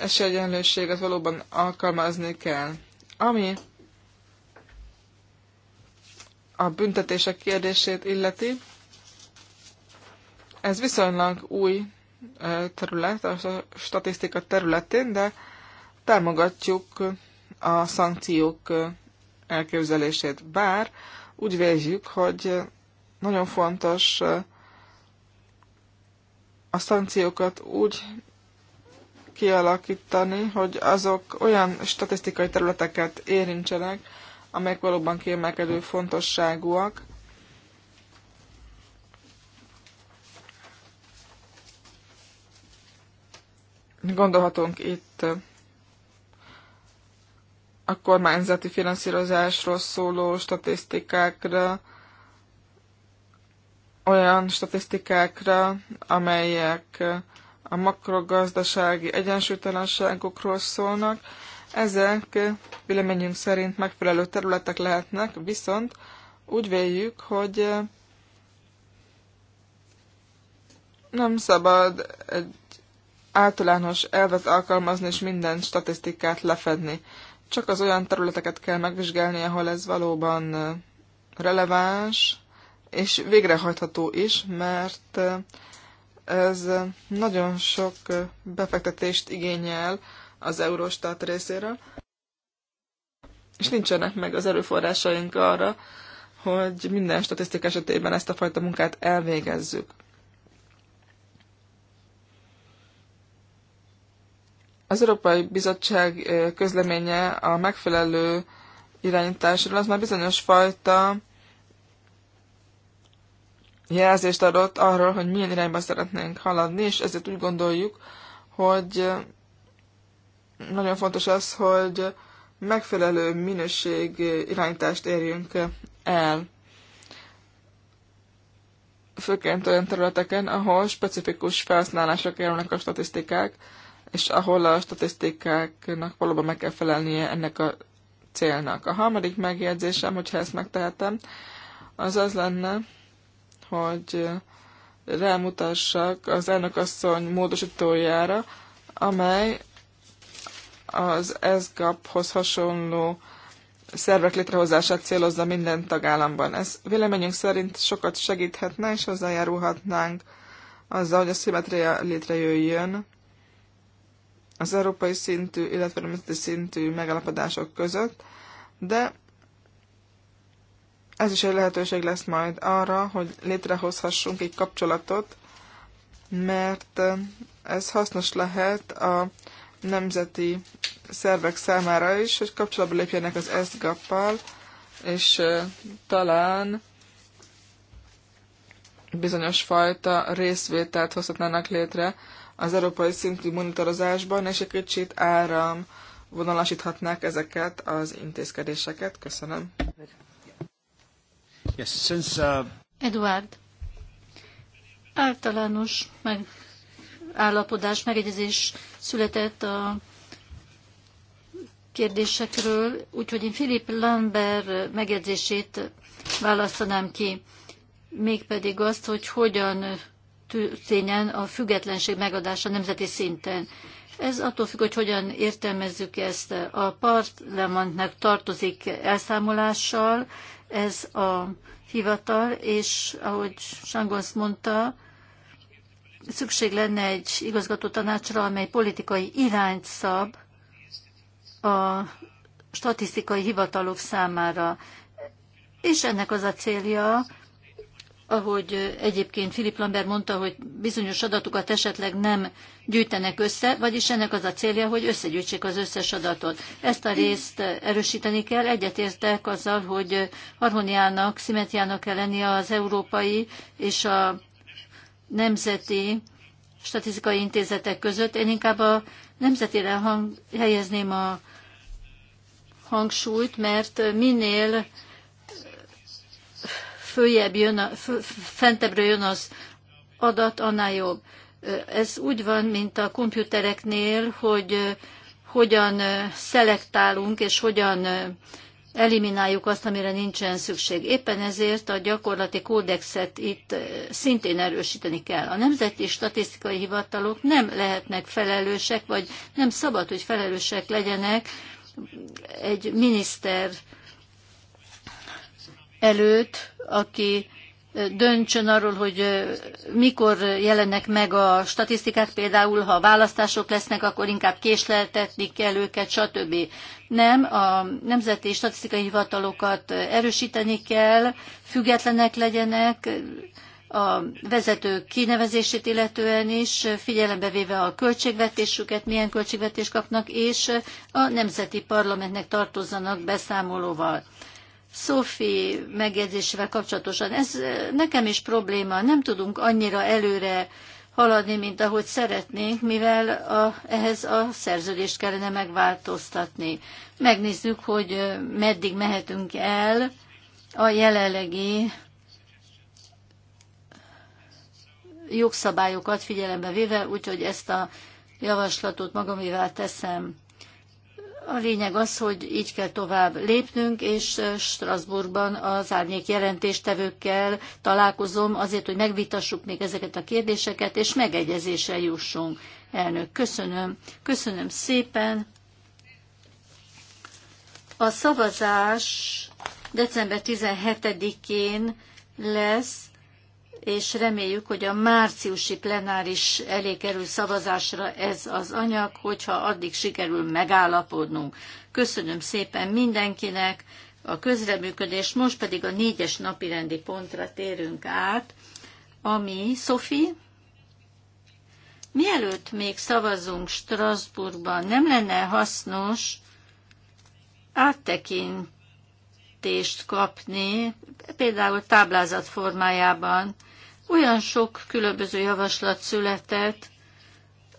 esélyegyenlőséget valóban alkalmazni kell. Ami a büntetések kérdését illeti, ez viszonylag új terület, a statisztika területén, de támogatjuk a szankciók elképzelését, bár úgy véljük, hogy nagyon fontos a szankciókat úgy kialakítani, hogy azok olyan statisztikai területeket érintsenek, amelyek valóban kiemelkedő fontosságúak, gondolhatunk itt a kormányzati finanszírozásról szóló statisztikákra, olyan statisztikákra, amelyek a makrogazdasági egyensúlytalanságokról szólnak. Ezek véleményünk szerint megfelelő területek lehetnek, viszont úgy véljük, hogy nem szabad egy általános elvet alkalmazni és minden statisztikát lefedni. Csak az olyan területeket kell megvizsgálni, ahol ez valóban releváns, és végrehajtható is, mert ez nagyon sok befektetést igényel az Eurostat részéről, és nincsenek meg az erőforrásaink arra, hogy minden statisztika esetében ezt a fajta munkát elvégezzük. Az Európai Bizottság közleménye a megfelelő irányításról az már bizonyos fajta jelzést adott arról, hogy milyen irányba szeretnénk haladni, és ezért úgy gondoljuk, hogy nagyon fontos az, hogy megfelelő minőség irányítást érjünk el. Főként olyan területeken, ahol specifikus felhasználásra kerülnek a statisztikák, és ahol a statisztikáknak valóban meg kell felelnie ennek a célnak. A harmadik megjegyzésem, hogyha ezt megtehetem, az az lenne, hogy rámutassak az asszony módosítójára, amely az ESGAP-hoz hasonló szervek létrehozását célozza minden tagállamban. Ez véleményünk szerint sokat segíthetne, és hozzájárulhatnánk azzal, hogy a szimetria létrejöjjön az európai szintű, illetve nemzeti szintű megállapodások között, de ez is egy lehetőség lesz majd arra, hogy létrehozhassunk egy kapcsolatot, mert ez hasznos lehet a nemzeti szervek számára is, hogy kapcsolatba lépjenek az ESGAP-pal, és talán bizonyos fajta részvételt hozhatnának létre az európai szintű monitorozásban, és egy kicsit áram vonalasíthatnák ezeket az intézkedéseket. Köszönöm. Yes, since, uh... Eduard, általános megállapodás megegyezés született a kérdésekről, úgyhogy én Philip Lambert megjegyzését választanám ki, mégpedig azt, hogy hogyan történjen a függetlenség megadása nemzeti szinten. Ez attól függ, hogy hogyan értelmezzük ezt. A parlamentnek tartozik elszámolással ez a hivatal, és ahogy Sangonsz mondta, szükség lenne egy igazgató tanácsra, amely politikai irányt szab a statisztikai hivatalok számára. És ennek az a célja, ahogy egyébként Philip Lambert mondta, hogy bizonyos adatokat esetleg nem gyűjtenek össze, vagyis ennek az a célja, hogy összegyűjtsék az összes adatot. Ezt a részt erősíteni kell. Egyetértek azzal, hogy harmoniának, szimetriának kell lenni az európai és a nemzeti statisztikai intézetek között. Én inkább a nemzetére hang, helyezném a hangsúlyt, mert minél följebb jön, a, fentebbről jön az adat, annál jobb. Ez úgy van, mint a komputereknél, hogy hogyan szelektálunk és hogyan elimináljuk azt, amire nincsen szükség. Éppen ezért a gyakorlati kódexet itt szintén erősíteni kell. A nemzeti statisztikai hivatalok nem lehetnek felelősek, vagy nem szabad, hogy felelősek legyenek egy miniszter előtt, aki döntsön arról, hogy mikor jelennek meg a statisztikák, például ha választások lesznek, akkor inkább késleltetni kell őket, stb. Nem, a nemzeti statisztikai hivatalokat erősíteni kell, függetlenek legyenek, a vezetők kinevezését illetően is, figyelembe véve a költségvetésüket, milyen költségvetést kapnak, és a nemzeti parlamentnek tartozzanak beszámolóval. Szofi megjegyzésével kapcsolatosan, ez eh, nekem is probléma, nem tudunk annyira előre haladni, mint ahogy szeretnénk, mivel a, ehhez a szerződést kellene megváltoztatni. Megnézzük, hogy eh, meddig mehetünk el a jelenlegi jogszabályokat figyelembe véve, úgyhogy ezt a javaslatot magamévá teszem. A lényeg az, hogy így kell tovább lépnünk, és Strasbourgban az árnyék jelentéstevőkkel találkozom azért, hogy megvitassuk még ezeket a kérdéseket, és megegyezésre jussunk. Elnök, köszönöm. Köszönöm szépen. A szavazás december 17-én lesz, és reméljük, hogy a márciusi plenáris elé kerül szavazásra ez az anyag, hogyha addig sikerül megállapodnunk. Köszönöm szépen mindenkinek a közreműködés, most pedig a négyes napirendi pontra térünk át, ami, Szofi, mielőtt még szavazunk Strasbourgban, nem lenne hasznos áttekintést kapni, például táblázat formájában, olyan sok különböző javaslat született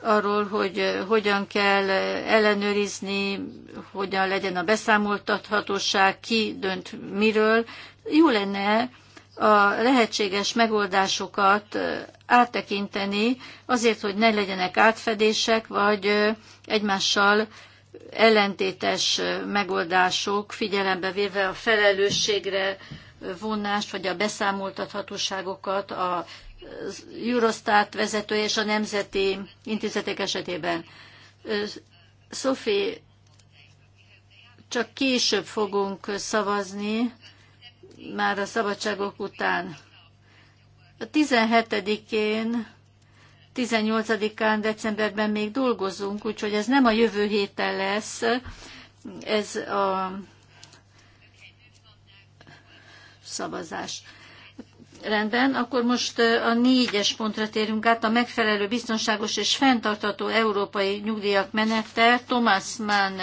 arról, hogy eh, hogyan kell eh, ellenőrizni, hogyan legyen a beszámoltathatóság, ki dönt miről. Jó lenne a lehetséges megoldásokat eh, áttekinteni, azért, hogy ne legyenek átfedések, vagy egymással ellentétes megoldások, figyelembe véve a felelősségre vonást, vagy a beszámoltathatóságokat a Eurostat vezetője és a nemzeti intézetek esetében. Sophie, csak később fogunk szavazni, már a szabadságok után. A 17-én, 18-án decemberben még dolgozunk, úgyhogy ez nem a jövő héten lesz, ez a szavazás. Rendben, akkor most a négyes pontra térünk át, a megfelelő biztonságos és fenntartható európai nyugdíjak menete. Thomas Mann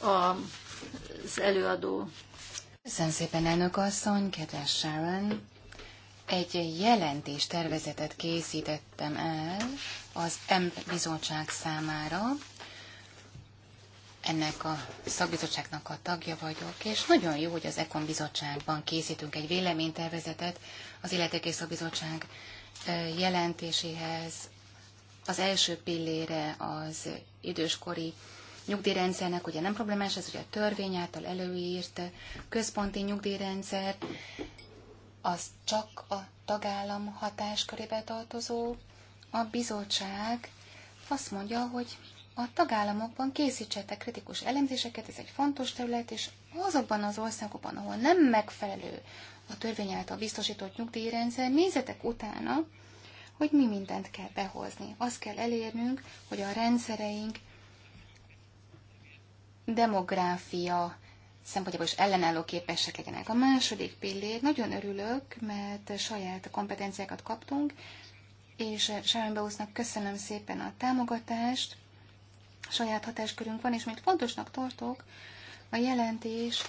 az előadó. Köszönöm szépen, elnök asszony, kedves Sharon. Egy jelentés tervezetet készítettem el az M bizottság számára, ennek a szakbizottságnak a tagja vagyok, és nagyon jó, hogy az Ekon bizottságban készítünk egy véleménytervezetet az Illetékés Szakbizottság jelentéséhez. Az első pillére az időskori nyugdíjrendszernek ugye nem problémás, ez ugye a törvény által előírt központi nyugdíjrendszer, az csak a tagállam hatáskörébe tartozó, a bizottság azt mondja, hogy a tagállamokban készítsetek kritikus elemzéseket, ez egy fontos terület, és azokban az országokban, ahol nem megfelelő a törvény által biztosított nyugdíjrendszer, nézzetek utána, hogy mi mindent kell behozni. Azt kell elérnünk, hogy a rendszereink demográfia szempontjából is ellenálló képesek legyenek. A második pillér, nagyon örülök, mert saját kompetenciákat kaptunk, és Sharon Bowlesnak köszönöm szépen a támogatást, saját hatáskörünk van, és mint fontosnak tartok, a jelentés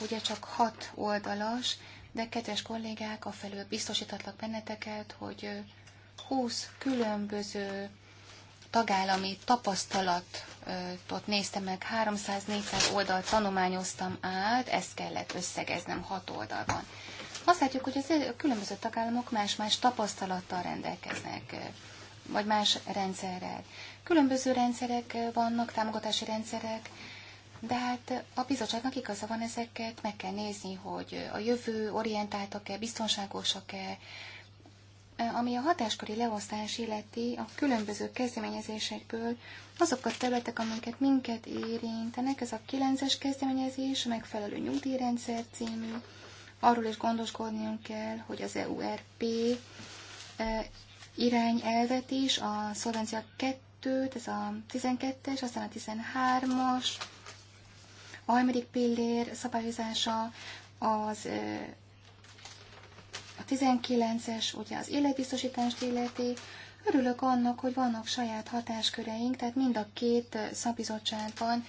ugye csak hat oldalas, de kedves kollégák, afelől biztosítatlak benneteket, hogy 20 különböző tagállami tapasztalatot néztem meg, 300-400 oldalt tanulmányoztam át, ezt kellett összegeznem hat oldalban. Azt látjuk, hogy az a különböző tagállamok más-más tapasztalattal rendelkeznek, vagy más rendszerrel. Különböző rendszerek vannak, támogatási rendszerek, de hát a bizottságnak igaza van ezeket, meg kell nézni, hogy a jövő orientáltak-e, biztonságosak-e, ami a hatáskori leosztás illeti a különböző kezdeményezésekből azok a területek, amiket minket érintenek, ez a 9-es kezdeményezés, megfelelő nyugdíjrendszer című, arról is gondoskodnunk kell, hogy az EURP eh, irányelvet is, a szolvencia kettőt, ez a 12-es, aztán a 13-as, a harmadik pillér szabályozása, az a 19-es, ugye az életbiztosítást illeti. Örülök annak, hogy vannak saját hatásköreink, tehát mind a két szabizottságban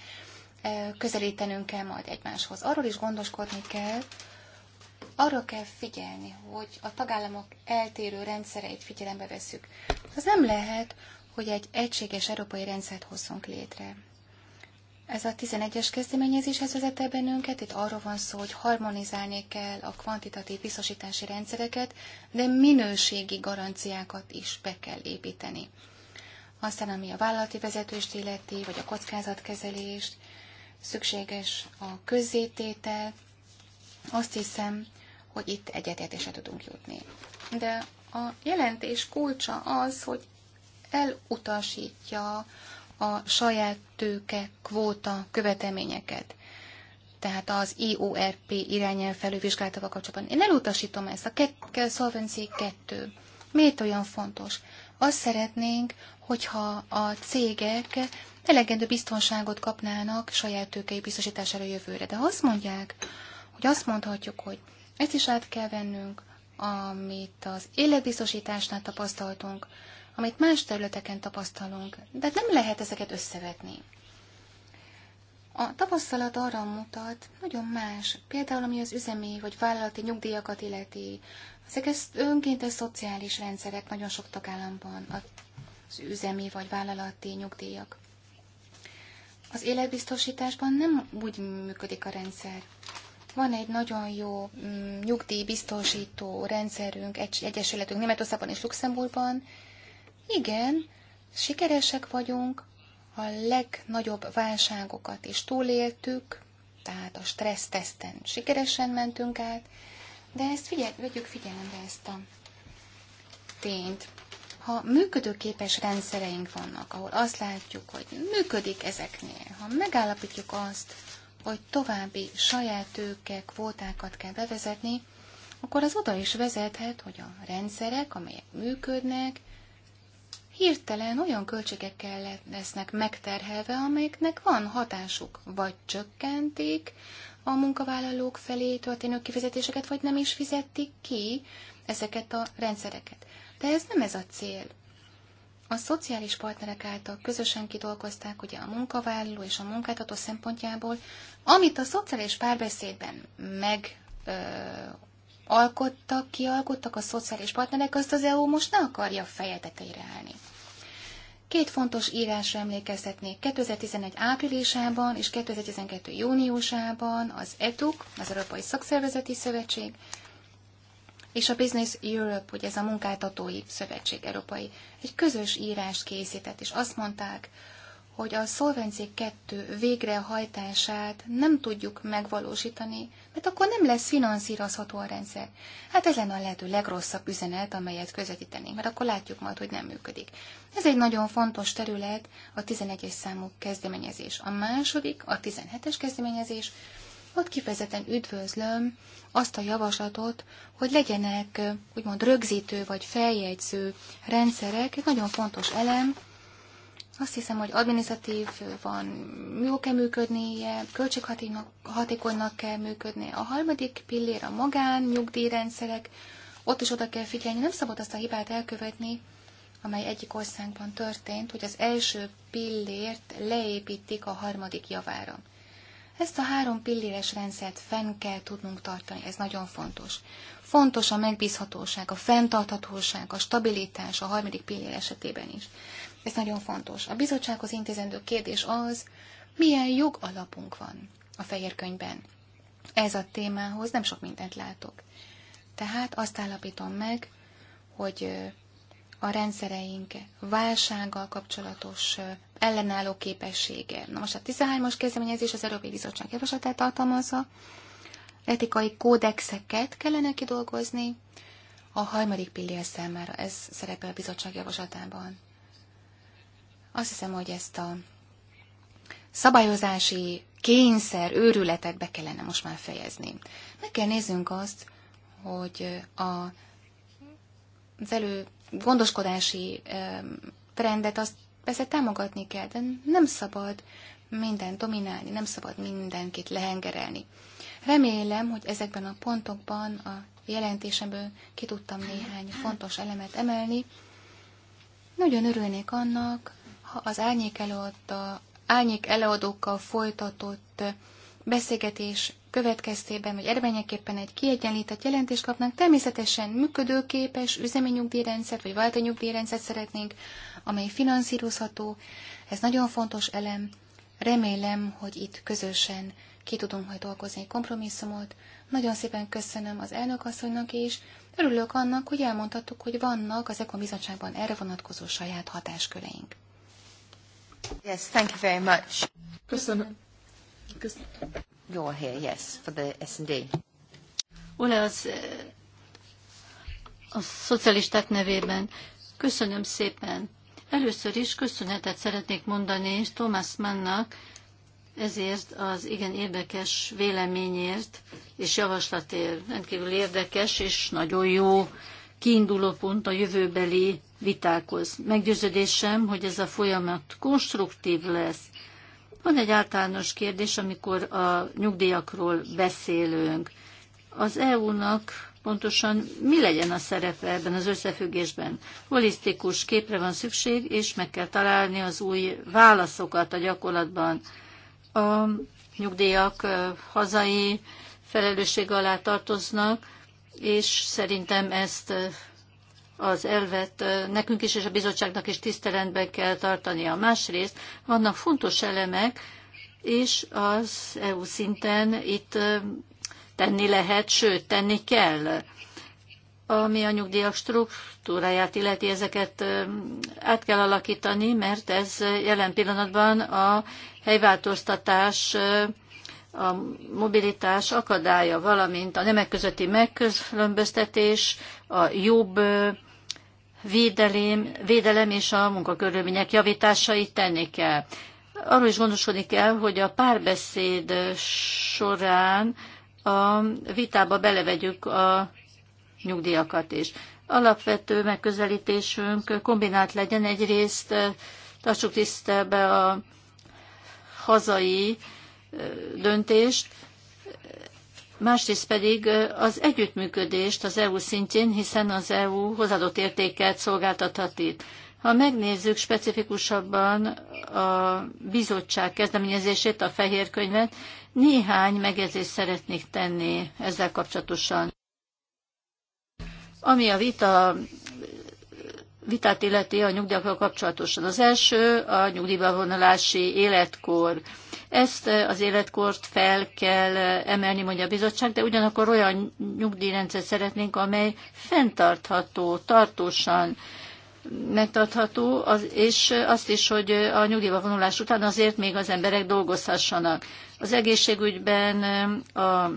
közelítenünk kell majd egymáshoz. Arról is gondoskodni kell, arra kell figyelni, hogy a tagállamok eltérő rendszereit figyelembe veszük. Az nem lehet, hogy egy egységes európai rendszert hozzunk létre. Ez a 11-es kezdeményezéshez vezette bennünket, itt arról van szó, hogy harmonizálni kell a kvantitatív biztosítási rendszereket, de minőségi garanciákat is be kell építeni. Aztán, ami a vállalati vezetőst illeti, vagy a kockázatkezelést, szükséges a közzététel, azt hiszem, hogy itt egyetértésre tudunk jutni. De a jelentés kulcsa az, hogy elutasítja a saját tőke kvóta követelményeket. Tehát az IORP irányelv a kapcsolatban. Én elutasítom ezt, a ke- Solvency 2. Miért olyan fontos? Azt szeretnénk, hogyha a cégek elegendő biztonságot kapnának saját tőkei biztosítására jövőre. De azt mondják, hogy azt mondhatjuk, hogy ezt is át kell vennünk, amit az életbiztosításnál tapasztaltunk, amit más területeken tapasztalunk, de nem lehet ezeket összevetni. A tapasztalat arra mutat, nagyon más, például ami az üzemi vagy vállalati nyugdíjakat illeti. Ezek önkéntes szociális rendszerek nagyon sok tagállamban, az üzemi vagy vállalati nyugdíjak. Az életbiztosításban nem úgy működik a rendszer. Van egy nagyon jó mm, nyugdíjbiztosító rendszerünk, egy, egyesületünk Németországban és Luxemburgban, igen, sikeresek vagyunk, a legnagyobb válságokat is túléltük, tehát a stressztesten sikeresen mentünk át, de ezt figyel, vegyük figyelembe ezt a tényt. Ha működőképes rendszereink vannak, ahol azt látjuk, hogy működik ezeknél, ha megállapítjuk azt, hogy további saját tőke kvótákat kell bevezetni, akkor az oda is vezethet, hogy a rendszerek, amelyek működnek, hirtelen olyan költségekkel lesznek megterhelve, amelyeknek van hatásuk, vagy csökkentik a munkavállalók felé történő kifizetéseket, vagy nem is fizetik ki ezeket a rendszereket. De ez nem ez a cél. A szociális partnerek által közösen kidolgozták ugye a munkavállaló és a munkáltató szempontjából, amit a szociális párbeszédben meg ö, alkottak, kialkottak a szociális partnerek, azt az EU most ne akarja feje tetejére állni. Két fontos írásra emlékeztetnék. 2011 áprilisában és 2012 júniusában az ETUK, az Európai Szakszervezeti Szövetség, és a Business Europe, ugye ez a munkáltatói szövetség európai, egy közös írást készített, és azt mondták, hogy a Solvency 2 végrehajtását nem tudjuk megvalósítani, mert hát akkor nem lesz finanszírozható a rendszer. Hát ez lenne a lehető legrosszabb üzenet, amelyet közvetítenénk, mert akkor látjuk majd, hogy nem működik. Ez egy nagyon fontos terület, a 11-es számú kezdeményezés. A második, a 17-es kezdeményezés, ott kifejezetten üdvözlöm azt a javaslatot, hogy legyenek úgymond rögzítő vagy feljegyző rendszerek, egy nagyon fontos elem, azt hiszem, hogy adminisztratív van, jó kell működnie, költséghatékonynak kell működni. A harmadik pillér a magán, nyugdíjrendszerek, ott is oda kell figyelni, nem szabad azt a hibát elkövetni, amely egyik országban történt, hogy az első pillért leépítik a harmadik javára. Ezt a három pilléres rendszert fenn kell tudnunk tartani, ez nagyon fontos. Fontos a megbízhatóság, a fenntarthatóság, a stabilitás a harmadik pillér esetében is. Ez nagyon fontos. A bizottsághoz intézendő kérdés az, milyen jogalapunk van a fehér könyvben. Ez a témához nem sok mindent látok. Tehát azt állapítom meg, hogy a rendszereink válsággal kapcsolatos ellenálló képessége. Na most a 13-as kezdeményezés az Európai Bizottság javaslatát tartalmazza, etikai kódexeket kellene kidolgozni, a harmadik pillér számára ez szerepel a bizottság javaslatában. Azt hiszem, hogy ezt a szabályozási kényszer, őrületet be kellene most már fejezni. Meg kell néznünk azt, hogy a, az elő gondoskodási trendet azt persze támogatni kell, de nem szabad mindent dominálni, nem szabad mindenkit lehengerelni. Remélem, hogy ezekben a pontokban a jelentésemből ki tudtam néhány fontos elemet emelni. Nagyon örülnék annak, az árnyék, előadta, árnyék előadókkal folytatott beszélgetés következtében, vagy eredményeképpen egy kiegyenlített jelentést kapnak, természetesen működőképes üzemi nyugdíjrendszert, vagy válta nyugdíjrendszert szeretnénk, amely finanszírozható. Ez nagyon fontos elem. Remélem, hogy itt közösen ki tudunk majd dolgozni egy kompromisszumot. Nagyon szépen köszönöm az elnök asszonynak is. Örülök annak, hogy elmondhattuk, hogy vannak az ECO Bizottságban erre vonatkozó saját hatásköreink. Yes, thank you very much. Köszönöm. Köszönöm. You're here, yes, for the S&D. Ule, az, eh, a szocialisták nevében köszönöm szépen. Először is köszönetet szeretnék mondani Thomas Mannnak ezért az igen érdekes véleményért és javaslatért. Rendkívül érdekes és nagyon jó kiinduló pont a jövőbeli vitákhoz. Meggyőződésem, hogy ez a folyamat konstruktív lesz. Van egy általános kérdés, amikor a nyugdíjakról beszélünk. Az EU-nak pontosan mi legyen a szerepe ebben az összefüggésben. Holisztikus képre van szükség, és meg kell találni az új válaszokat a gyakorlatban. A nyugdíjak hazai felelősség alá tartoznak, és szerintem ezt az elvet nekünk is és a bizottságnak is tiszteletben kell tartania. Másrészt vannak fontos elemek, és az EU szinten itt tenni lehet, sőt, tenni kell. Ami a nyugdíjak struktúráját illeti, ezeket át kell alakítani, mert ez jelen pillanatban a helyváltoztatás a mobilitás akadálya, valamint a nemek közötti megkülönböztetés, a jobb védelem, védelem és a munkakörülmények javításait tenni kell. Arról is gondoskodni kell, hogy a párbeszéd során a vitába belevegyük a nyugdíjakat is. Alapvető megközelítésünk kombinált legyen egyrészt, tartsuk tisztelbe a hazai döntést, másrészt pedig az együttműködést az EU szintjén, hiszen az EU hozadott értéket szolgáltathat itt. Ha megnézzük specifikusabban a bizottság kezdeményezését, a fehér könyvet, néhány megjegyzést szeretnék tenni ezzel kapcsolatosan. Ami a vita vitát illeti a nyugdíjakkal kapcsolatosan. Az első a nyugdíjbevonulási életkor. Ezt az életkort fel kell emelni, mondja a bizottság, de ugyanakkor olyan nyugdíjrendszer szeretnénk, amely fenntartható, tartósan megtartható, az, és azt is, hogy a nyugdíjba vonulás után azért még az emberek dolgozhassanak. Az egészségügyben, a, az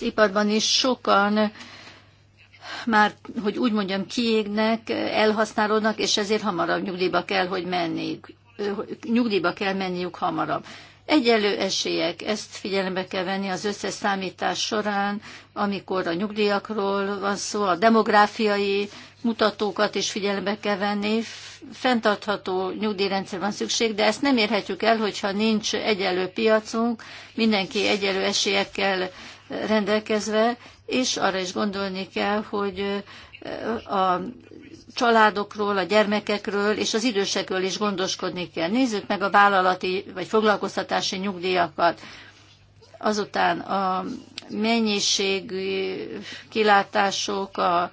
iparban is sokan már, hogy úgy mondjam, kiégnek, elhasználódnak, és ezért hamarabb nyugdíjba kell, hogy mennék nyugdíjba kell menniük hamarabb. Egyelő esélyek, ezt figyelembe kell venni az összes számítás során, amikor a nyugdíjakról van szó, a demográfiai mutatókat is figyelembe kell venni. Fentartható nyugdíjrendszer van szükség, de ezt nem érhetjük el, hogyha nincs egyelő piacunk, mindenki egyelő esélyekkel rendelkezve, és arra is gondolni kell, hogy a családokról, a gyermekekről és az idősekről is gondoskodni kell. Nézzük meg a vállalati vagy foglalkoztatási nyugdíjakat. Azután a mennyiségű kilátások, a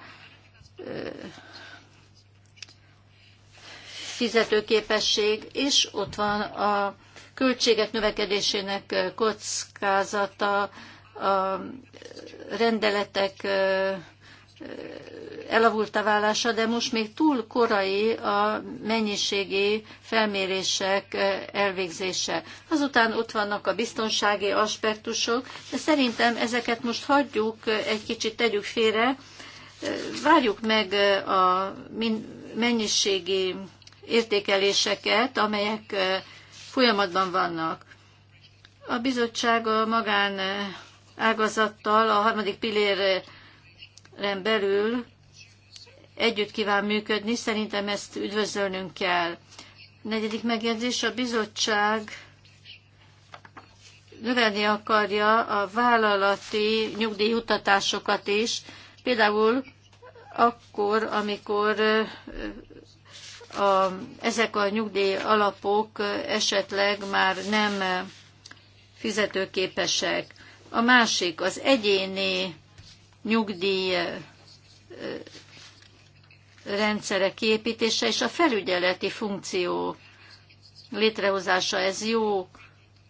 fizetőképesség, és ott van a költségek növekedésének kockázata, a rendeletek Elavult a válása, de most még túl korai a mennyiségi felmérések elvégzése. Azután ott vannak a biztonsági aspektusok, de szerintem ezeket most hagyjuk, egy kicsit tegyük félre, várjuk meg a mennyiségi értékeléseket, amelyek folyamatban vannak. A bizottság a magán ágazattal a harmadik pillér belül együtt kíván működni, szerintem ezt üdvözölnünk kell. Negyedik megjegyzés, a bizottság növelni akarja a vállalati nyugdíjutatásokat is, például akkor, amikor a, ezek a nyugdíj alapok esetleg már nem fizetőképesek. A másik az egyéni nyugdíj rendszerek kiépítése és a felügyeleti funkció létrehozása. Ez jó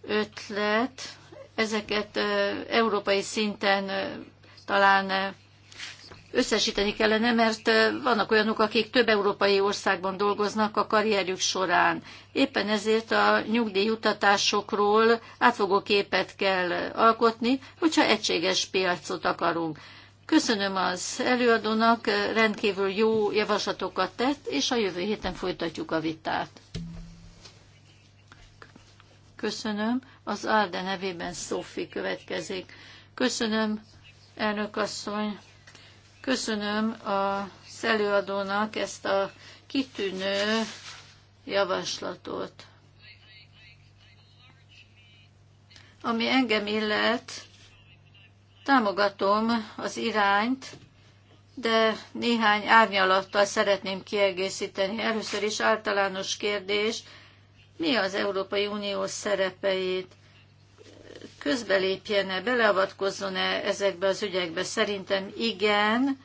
ötlet. Ezeket európai szinten talán összesíteni kellene, mert vannak olyanok, akik több európai országban dolgoznak a karrierjük során. Éppen ezért a nyugdíjutatásokról átfogó képet kell alkotni, hogyha egységes piacot akarunk. Köszönöm az előadónak, rendkívül jó javaslatokat tett, és a jövő héten folytatjuk a vitát. Köszönöm. Az Alde nevében Szofi következik. Köszönöm, elnök asszony. Köszönöm az előadónak ezt a kitűnő javaslatot. Ami engem illet, Támogatom az irányt, de néhány árnyalattal szeretném kiegészíteni. Először is általános kérdés, mi az Európai Unió szerepeit? Közbelépjene, beleavatkozzon-e ezekbe az ügyekbe? Szerintem igen.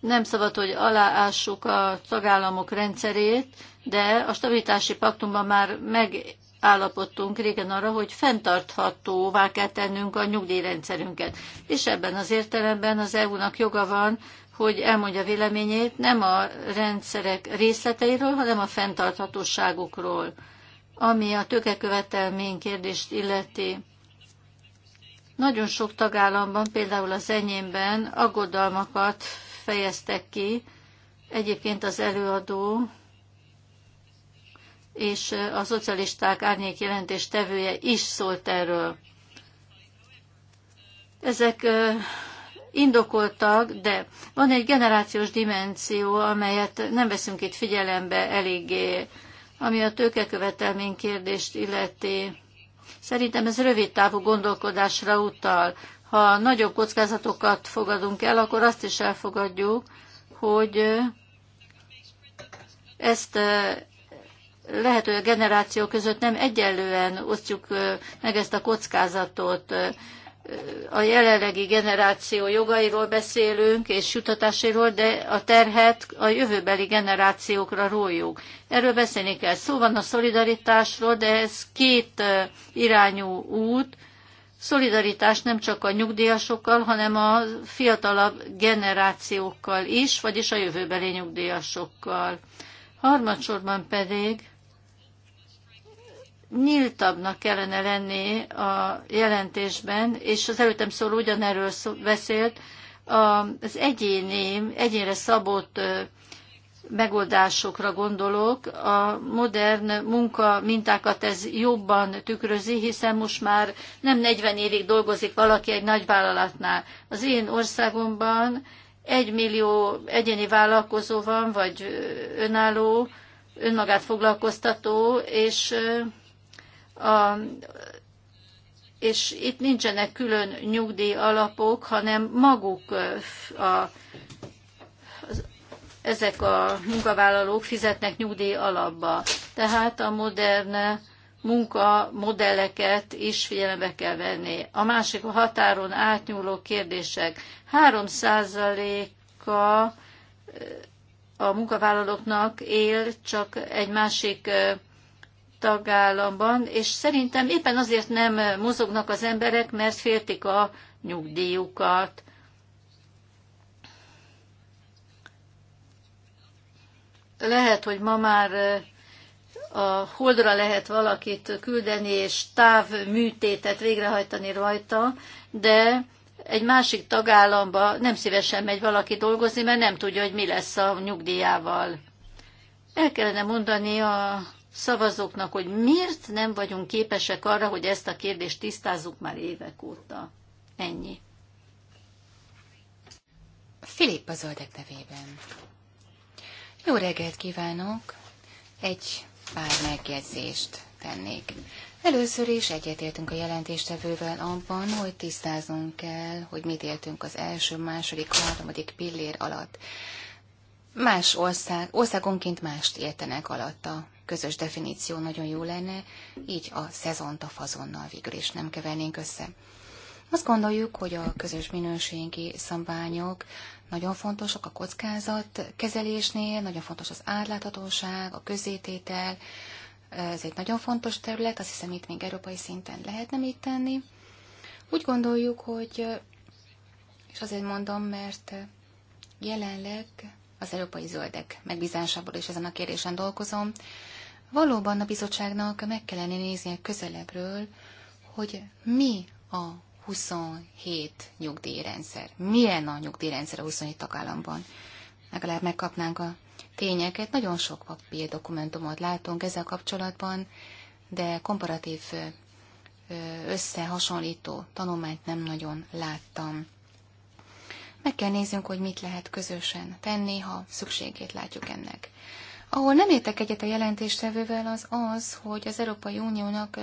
Nem szabad, hogy aláássuk a tagállamok rendszerét, de a stabilitási paktumban már meg állapodtunk régen arra, hogy fenntarthatóvá kell tennünk a nyugdíjrendszerünket. És ebben az értelemben az EU-nak joga van, hogy elmondja véleményét nem a rendszerek részleteiről, hanem a fenntarthatóságukról, ami a tökekövetelmény kérdést illeti. Nagyon sok tagállamban, például az enyémben aggodalmakat fejeztek ki, egyébként az előadó és a szocialisták árnyék jelentés tevője is szólt erről. Ezek indokoltak, de van egy generációs dimenzió, amelyet nem veszünk itt figyelembe eléggé, ami a tőkekövetelmény kérdést illeti. Szerintem ez rövid távú gondolkodásra utal. Ha nagyobb kockázatokat fogadunk el, akkor azt is elfogadjuk, hogy ezt lehet, hogy a generáció között nem egyenlően osztjuk meg ezt a kockázatot. A jelenlegi generáció jogairól beszélünk, és jutatásairól, de a terhet a jövőbeli generációkra róljuk. Erről beszélni kell. Szó van a szolidaritásról, de ez két irányú út. Szolidaritás nem csak a nyugdíjasokkal, hanem a fiatalabb generációkkal is, vagyis a jövőbeli nyugdíjasokkal. Harmadsorban pedig nyíltabbnak kellene lenni a jelentésben, és az előttem szóló ugyanerről beszélt, az egyéni, egyénre szabott megoldásokra gondolok. A modern munka mintákat ez jobban tükrözi, hiszen most már nem 40 évig dolgozik valaki egy nagy vállalatnál. Az én országomban egy millió egyéni vállalkozó van, vagy önálló, önmagát foglalkoztató, és a, és itt nincsenek külön nyugdíj alapok, hanem maguk a, az, ezek a munkavállalók fizetnek nyugdíj alapba. Tehát a modern munka modelleket is figyelembe kell venni. A másik a határon átnyúló kérdések. 3%-a a munkavállalóknak él csak egy másik tagállamban, és szerintem éppen azért nem mozognak az emberek, mert féltik a nyugdíjukat. Lehet, hogy ma már eh, a holdra lehet valakit küldeni, és távműtétet végrehajtani rajta, de egy másik tagállamba nem szívesen megy valaki dolgozni, mert nem tudja, hogy mi lesz a nyugdíjával. El kellene mondani a szavazóknak, hogy miért nem vagyunk képesek arra, hogy ezt a kérdést tisztázzuk már évek óta. Ennyi. Filip az zöldek nevében. Jó reggelt kívánok! Egy pár megjegyzést tennék. Először is egyetértünk a jelentéstevővel abban, hogy tisztáznunk kell, hogy mit éltünk az első, második, harmadik pillér alatt. Más ország, országonként mást értenek alatta közös definíció nagyon jó lenne, így a szezont a fazonnal végül is nem kevernénk össze. Azt gondoljuk, hogy a közös minőségi szabványok nagyon fontosak a kockázat kezelésnél, nagyon fontos az átláthatóság, a közététel. Ez egy nagyon fontos terület, azt hiszem itt még európai szinten lehetne mit tenni. Úgy gondoljuk, hogy, és azért mondom, mert jelenleg az európai zöldek megbízásából is ezen a kérdésen dolgozom, Valóban a bizottságnak meg kellene néznie közelebbről, hogy mi a 27 nyugdíjrendszer. Milyen a nyugdíjrendszer a 27 tagállamban? Legalább megkapnánk a tényeket. Nagyon sok papír dokumentumot látunk ezzel kapcsolatban, de komparatív összehasonlító tanulmányt nem nagyon láttam. Meg kell néznünk, hogy mit lehet közösen tenni, ha szükségét látjuk ennek. Ahol nem értek egyet a jelentéstevővel, az az, hogy az Európai Uniónak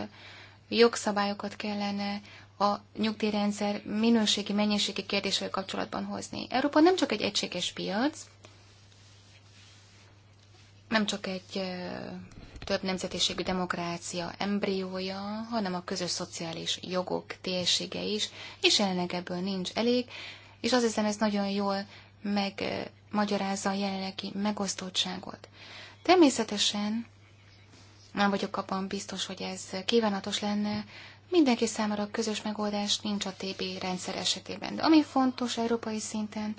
jogszabályokat kellene a nyugdíjrendszer minőségi, mennyiségi kérdésével kapcsolatban hozni. Európa nem csak egy egységes piac, nem csak egy több nemzetiségű demokrácia embriója, hanem a közös szociális jogok térsége is, és jelenleg ebből nincs elég, és azt hiszem ez nagyon jól megmagyarázza a jelenlegi megosztottságot. Természetesen nem vagyok abban biztos, hogy ez kívánatos lenne, mindenki számára közös megoldás nincs a TB rendszer esetében. De ami fontos európai szinten,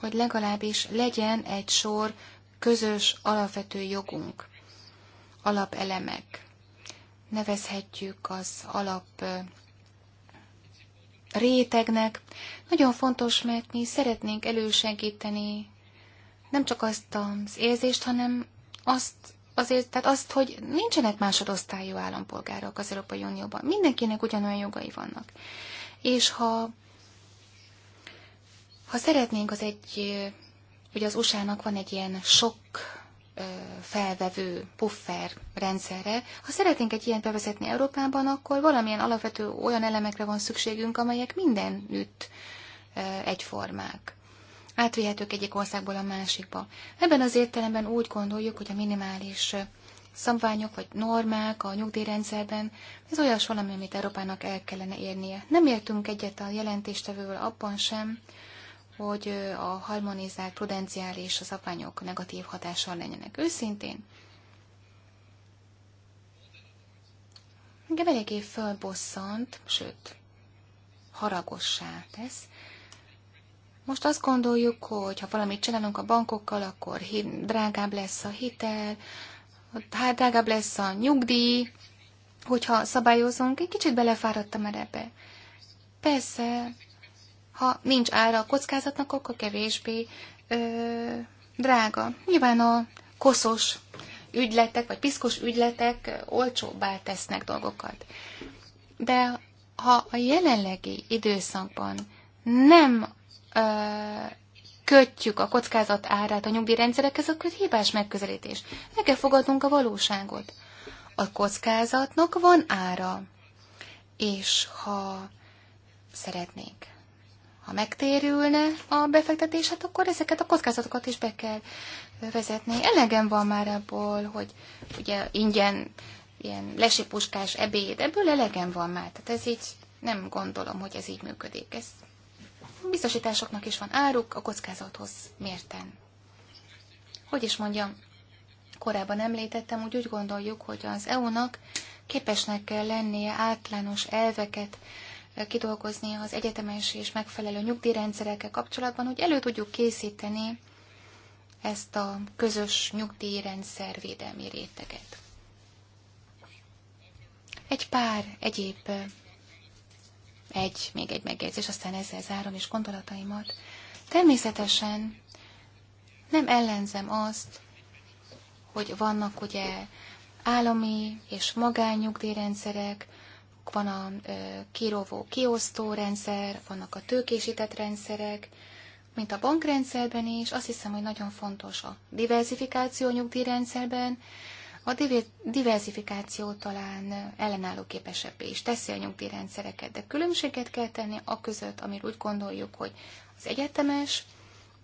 hogy legalábbis legyen egy sor közös alapvető jogunk, alapelemek. Nevezhetjük az alap rétegnek. Nagyon fontos, mert mi szeretnénk elősegíteni nem csak azt az érzést, hanem azt azért, tehát azt, hogy nincsenek másodosztályú állampolgárok az Európai Unióban. Mindenkinek ugyanolyan jogai vannak. És ha, ha szeretnénk az egy, ugye az USA-nak van egy ilyen sok felvevő puffer rendszerre. Ha szeretnénk egy ilyen bevezetni Európában, akkor valamilyen alapvető olyan elemekre van szükségünk, amelyek mindenütt egyformák. Átvihetők egyik országból a másikba. Ebben az értelemben úgy gondoljuk, hogy a minimális szabványok vagy normák a nyugdíjrendszerben, ez olyas valami, amit Európának el kellene érnie. Nem értünk egyet a jelentéstevővel abban sem, hogy a harmonizált, prudenciális szabványok negatív hatással legyenek. Őszintén, engem eléggé fölbosszant, sőt, haragossá tesz. Most azt gondoljuk, hogy ha valamit csinálunk a bankokkal, akkor drágább lesz a hitel, hát drágább lesz a nyugdíj, hogyha szabályozunk, egy kicsit belefáradtam már ebbe. Persze, ha nincs ára a kockázatnak, akkor kevésbé ö, drága. Nyilván a koszos ügyletek, vagy piszkos ügyletek olcsóbbá tesznek dolgokat. De ha a jelenlegi időszakban nem ö, kötjük a kockázat árát a nyugdíjrendszerekhez, akkor hibás megközelítés. Meg kell fogadnunk a valóságot. A kockázatnak van ára. És ha szeretnék. Ha megtérülne a befektetés, hát akkor ezeket a kockázatokat is be kell vezetni. Elegem van már abból, hogy ugye ingyen ilyen lesipuskás ebéd, ebből elegem van már. Tehát ez így nem gondolom, hogy ez így működik. Ez biztosításoknak is van áruk a kockázathoz mérten. Hogy is mondjam, korábban említettem, úgy úgy gondoljuk, hogy az EU-nak képesnek kell lennie átlános elveket kidolgozni az egyetemes és megfelelő nyugdíjrendszerekkel kapcsolatban, hogy elő tudjuk készíteni ezt a közös nyugdíjrendszer védelmi réteget. Egy pár egyéb, egy, még egy megjegyzés, aztán ezzel zárom is gondolataimat. Természetesen nem ellenzem azt, hogy vannak ugye állami és magánnyugdíjrendszerek, van a kirovó kiosztó rendszer, vannak a tőkésített rendszerek, mint a bankrendszerben is, azt hiszem, hogy nagyon fontos a diversifikáció nyugdíjrendszerben. A diversifikáció talán ellenálló képesebbé is teszi a nyugdíjrendszereket, de különbséget kell tenni a között, amiről úgy gondoljuk, hogy az egyetemes,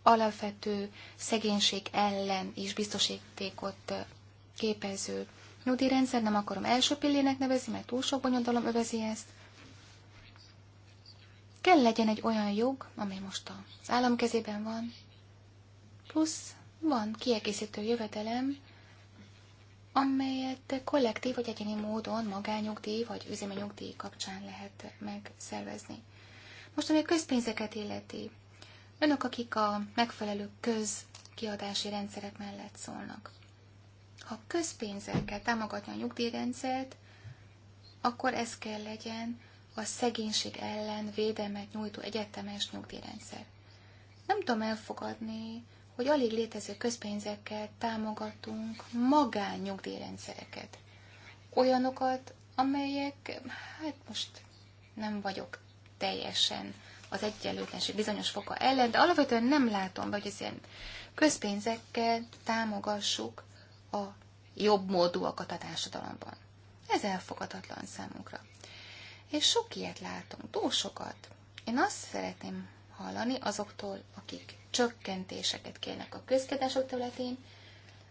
alapvető szegénység ellen is biztosítékot képező nyugdíjrendszer, nem akarom első pillének nevezni, mert túl sok bonyodalom övezi ezt. Kell legyen egy olyan jog, ami most az állam kezében van, plusz van kiegészítő jövedelem, amelyet kollektív vagy egyéni módon magányugdíj vagy üzemi nyugdíj kapcsán lehet megszervezni. Most, ami a közpénzeket illeti, önök, akik a megfelelő közkiadási rendszerek mellett szólnak. Ha közpénzzel kell támogatni a nyugdíjrendszert, akkor ez kell legyen a szegénység ellen védelmet nyújtó egyetemes nyugdíjrendszer. Nem tudom elfogadni, hogy alig létező közpénzekkel támogatunk magán nyugdíjrendszereket. Olyanokat, amelyek, hát most nem vagyok teljesen az egyenlőtlenség bizonyos foka ellen, de alapvetően nem látom hogy az ilyen közpénzekkel támogassuk a jobb módúakat a társadalomban. Ez elfogadatlan számunkra. És sok ilyet látunk, túl sokat. Én azt szeretném hallani azoktól, akik csökkentéseket kérnek a közkedások területén,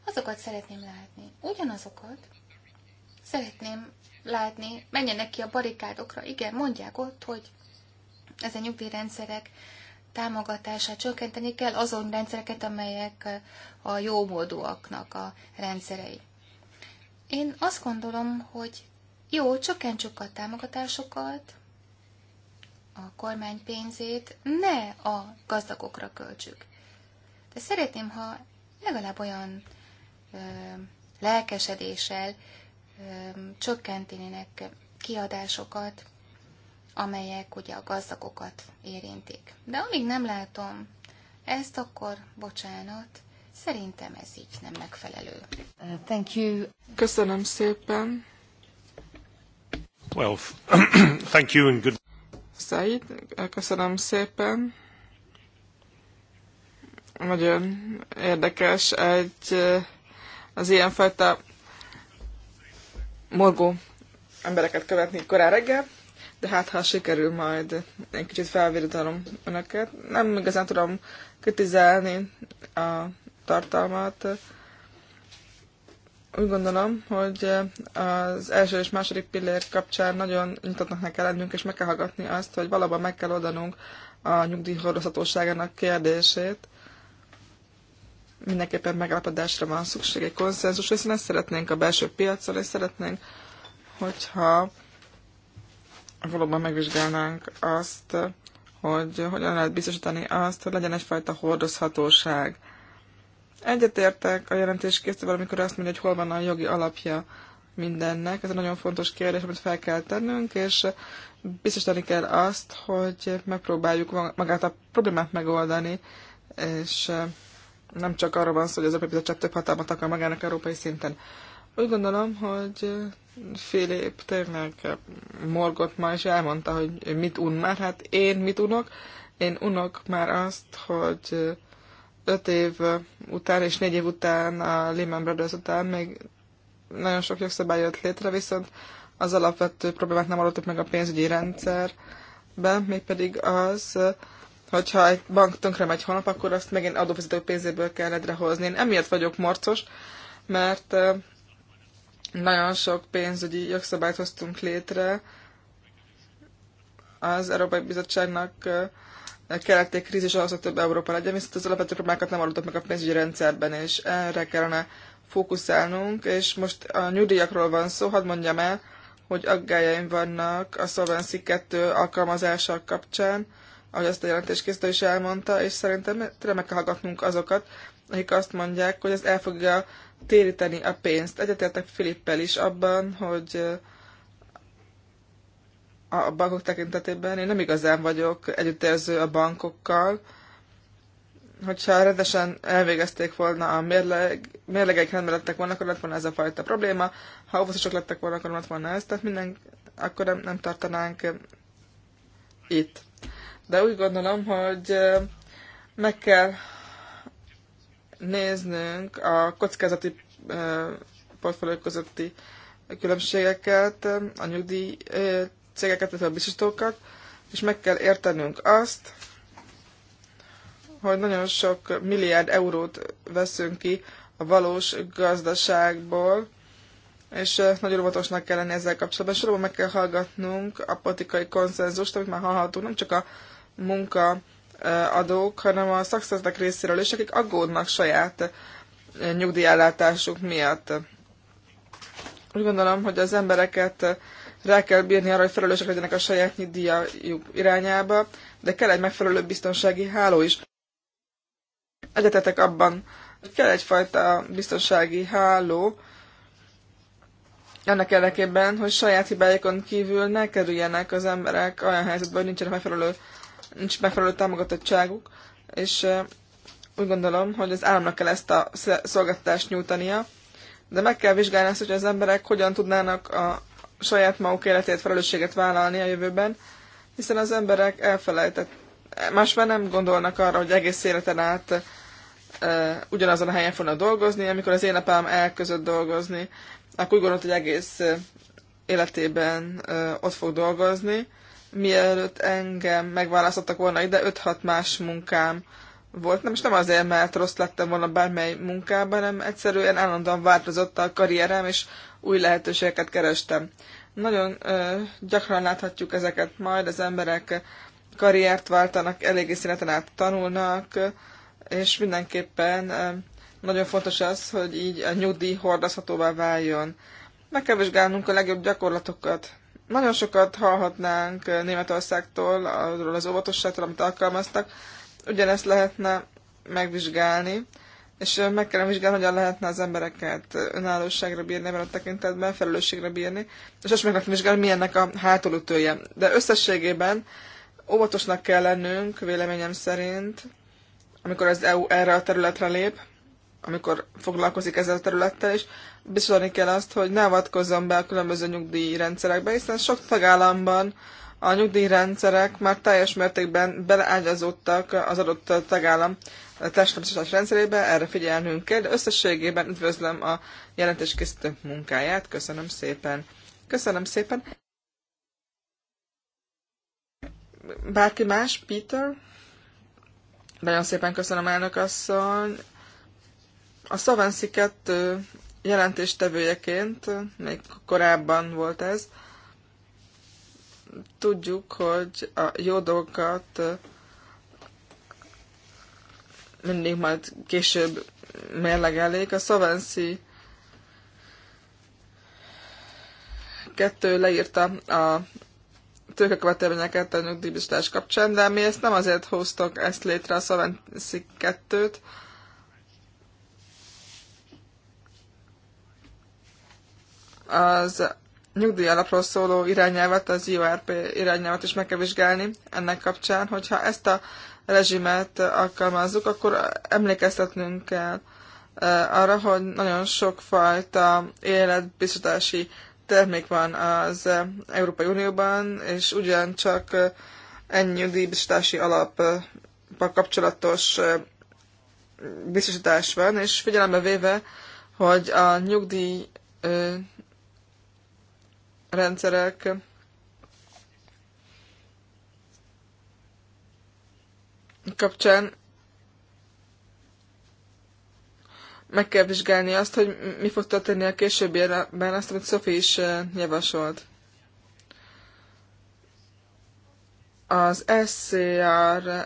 azokat szeretném látni. Ugyanazokat szeretném látni, menjenek ki a barikádokra, igen, mondják ott, hogy ezen nyugdíjrendszerek támogatását csökkenteni kell azon rendszereket, amelyek eh, a jómódúaknak a rendszerei. Én azt gondolom, hogy jó, csökkentsük a támogatásokat, a kormány pénzét ne a gazdagokra költsük. De szeretném, ha legalább olyan ö, eh, lelkesedéssel ö, eh, csökkentenének kiadásokat, amelyek ugye a gazdagokat érintik. De amíg nem látom ezt, akkor bocsánat, szerintem ez így nem megfelelő. Uh, thank you. Köszönöm szépen. Well, thank you and good... Said, köszönöm szépen. Nagyon érdekes egy eh, az ilyenfajta morgó embereket követni korán reggel de hát ha sikerül majd egy kicsit felvirítanom önöket. Nem igazán tudom kritizálni a tartalmat. Úgy gondolom, hogy az első és második pillér kapcsán nagyon nyitottnak kell lennünk, és meg kell hallgatni azt, hogy valóban meg kell oldanunk a nyugdíjhordozhatóságának kérdését. Mindenképpen megállapodásra van szükség, egy konszenzus, hiszen ezt szeretnénk a belső piacon, és szeretnénk, hogyha valóban megvizsgálnánk azt, hogy hogyan lehet biztosítani azt, hogy legyen egyfajta hordozhatóság. Egyetértek a jelentés készítővel, amikor azt mondja, hogy hol van a jogi alapja mindennek. Ez egy nagyon fontos kérdés, amit fel kell tennünk, és biztosítani kell azt, hogy megpróbáljuk magát a problémát megoldani, és nem csak arra van szó, hogy az Európai Bizottság több hatalmat akar magának európai szinten. Úgy gondolom, hogy Filip tényleg morgott ma, és elmondta, hogy mit un már. Hát én mit unok? Én unok már azt, hogy öt év után és négy év után, a Lehman Brothers után még nagyon sok jogszabály jött létre, viszont az alapvető problémát nem adottuk meg a pénzügyi rendszerben, mégpedig az, hogyha egy bank tönkre megy holnap, akkor azt megint adófizetők pénzéből kell hozni. Én emiatt vagyok morcos, mert nagyon sok pénzügyi jogszabályt hoztunk létre. Az Európai Bizottságnak kellett egy krízis ahhoz, hogy több Európa legyen, viszont az alapvető problémákat nem adottak meg a pénzügyi rendszerben, és erre kellene fókuszálnunk, és most a nyugdíjakról van szó, hadd mondjam el, hogy aggájaim vannak a Solvency 2 alkalmazása kapcsán, ahogy azt a jelentéskészítő is elmondta, és szerintem tényleg meg kell hallgatnunk azokat, akik azt mondják, hogy ez el fogja téríteni a pénzt. Egyetértek Filippel is abban, hogy a bankok tekintetében én nem igazán vagyok együttérző a bankokkal, hogyha rendesen elvégezték volna a mérleg, mérlegeik rendben lettek volna, akkor lett volna ez a fajta probléma, ha óvatosok lettek volna, akkor lett volna ez, tehát minden, akkor nem, nem tartanánk itt. De úgy gondolom, hogy meg kell néznünk a kockázati portfóliók közötti különbségeket, a nyugdíj cégeket, illetve a biztosítókat, és meg kell értenünk azt, hogy nagyon sok milliárd eurót veszünk ki a valós gazdaságból, és nagyon óvatosnak kell lenni ezzel kapcsolatban. Sorban meg kell hallgatnunk a politikai konszenzust, amit már hallhatunk, nem csak a munka adók, hanem a szakszervezetek részéről is, akik aggódnak saját nyugdíjállátásuk miatt. Úgy gondolom, hogy az embereket rá kell bírni arra, hogy felelősek legyenek a saját nyugdíjuk irányába, de kell egy megfelelő biztonsági háló is. Egyetetek abban, hogy kell egyfajta biztonsági háló, annak érdekében, hogy saját hibáikon kívül ne kerüljenek az emberek olyan helyzetbe, hogy nincsenek megfelelő nincs megfelelő támogatottságuk, és úgy gondolom, hogy az államnak kell ezt a szolgáltatást nyújtania, de meg kell vizsgálni azt, hogy az emberek hogyan tudnának a saját maguk életét, felelősséget vállalni a jövőben, hiszen az emberek elfelejtett, másfél nem gondolnak arra, hogy egész életen át e, ugyanazon a helyen fognak dolgozni, amikor az énapám elközött dolgozni, akkor úgy gondolt, hogy egész életében e, ott fog dolgozni, mielőtt engem megválasztottak volna ide, 5-6 más munkám volt. Nem, és nem azért, mert rossz lettem volna bármely munkában, hanem egyszerűen állandóan változott a karrierem, és új lehetőségeket kerestem. Nagyon ö, gyakran láthatjuk ezeket majd, az emberek karriert váltanak, eléggé színeten át tanulnak, és mindenképpen ö, nagyon fontos az, hogy így a nyugdíj hordozhatóvá váljon. Meg kell vizsgálnunk a legjobb gyakorlatokat. Nagyon sokat hallhatnánk eh, Németországtól, arról az óvatosságtól, amit alkalmaztak. Ugyanezt lehetne megvizsgálni, és eh, meg kellene vizsgálni, hogyan lehetne az embereket eh, önállóságra bírni ebben a tekintetben, felelősségre bírni, és azt meg lehetne vizsgálni, milyennek a hátulütője. De összességében óvatosnak kell lennünk, véleményem szerint, amikor az EU erre a területre lép, amikor foglalkozik ezzel a területtel, is bizonyítani kell azt, hogy ne avatkozzon be a különböző nyugdíjrendszerekbe, hiszen sok tagállamban a nyugdíjrendszerek már teljes mértékben beleágyazódtak az adott tagállam társadalmi rendszerébe, erre figyelnünk kell, de összességében üdvözlöm a jelentéskészítő munkáját, köszönöm szépen. Köszönöm szépen. Bárki más? Peter? Nagyon szépen köszönöm, elnök asszony. A Szavenszi 2 jelentéstevőjeként, még korábban volt ez, tudjuk, hogy a jó dolgokat mindig majd később mérlegelik. A Szovenszi kettő leírta a tőkekövetelményeket a nyugdíjbiztás kapcsán, de mi ezt nem azért hoztok ezt létre a Szovenszi kettőt, az alapról szóló irányelvet, az IORP irányelvet is meg kell vizsgálni ennek kapcsán, hogyha ezt a rezsimet alkalmazzuk, akkor emlékeztetnünk kell eh, arra, hogy nagyon sokfajta életbiztosítási termék van az Európai Unióban, és ugyancsak eh, ennyi nyugdíjbiztosítási alap kapcsolatos eh, biztosítás van, és figyelembe véve, hogy a nyugdíj rendszerek kapcsán meg kell vizsgálni azt, hogy mi fog történni a érben, azt, amit Sophie is eh, javasolt. Az SCR eh,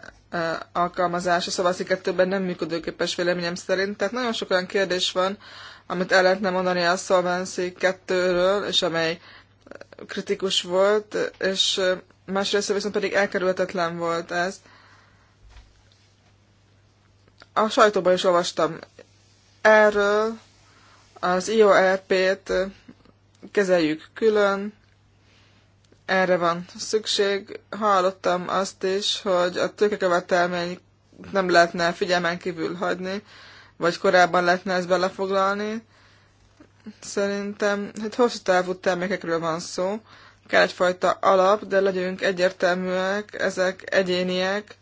alkalmazása szavasziket többen nem működőképes véleményem szerint, tehát nagyon sok olyan kérdés van, amit el lehetne mondani a Solvency 2-ről, és amely kritikus volt, és másrészt viszont pedig elkerülhetetlen volt ez. A sajtóban is olvastam erről, az IORP-t kezeljük külön, erre van szükség. Hallottam azt is, hogy a tőkekövetelmény nem lehetne figyelmen kívül hagyni, vagy korábban lehetne ezt belefoglalni szerintem hát hosszú távú termékekről van szó, kell egyfajta alap, de legyünk egyértelműek, ezek egyéniek,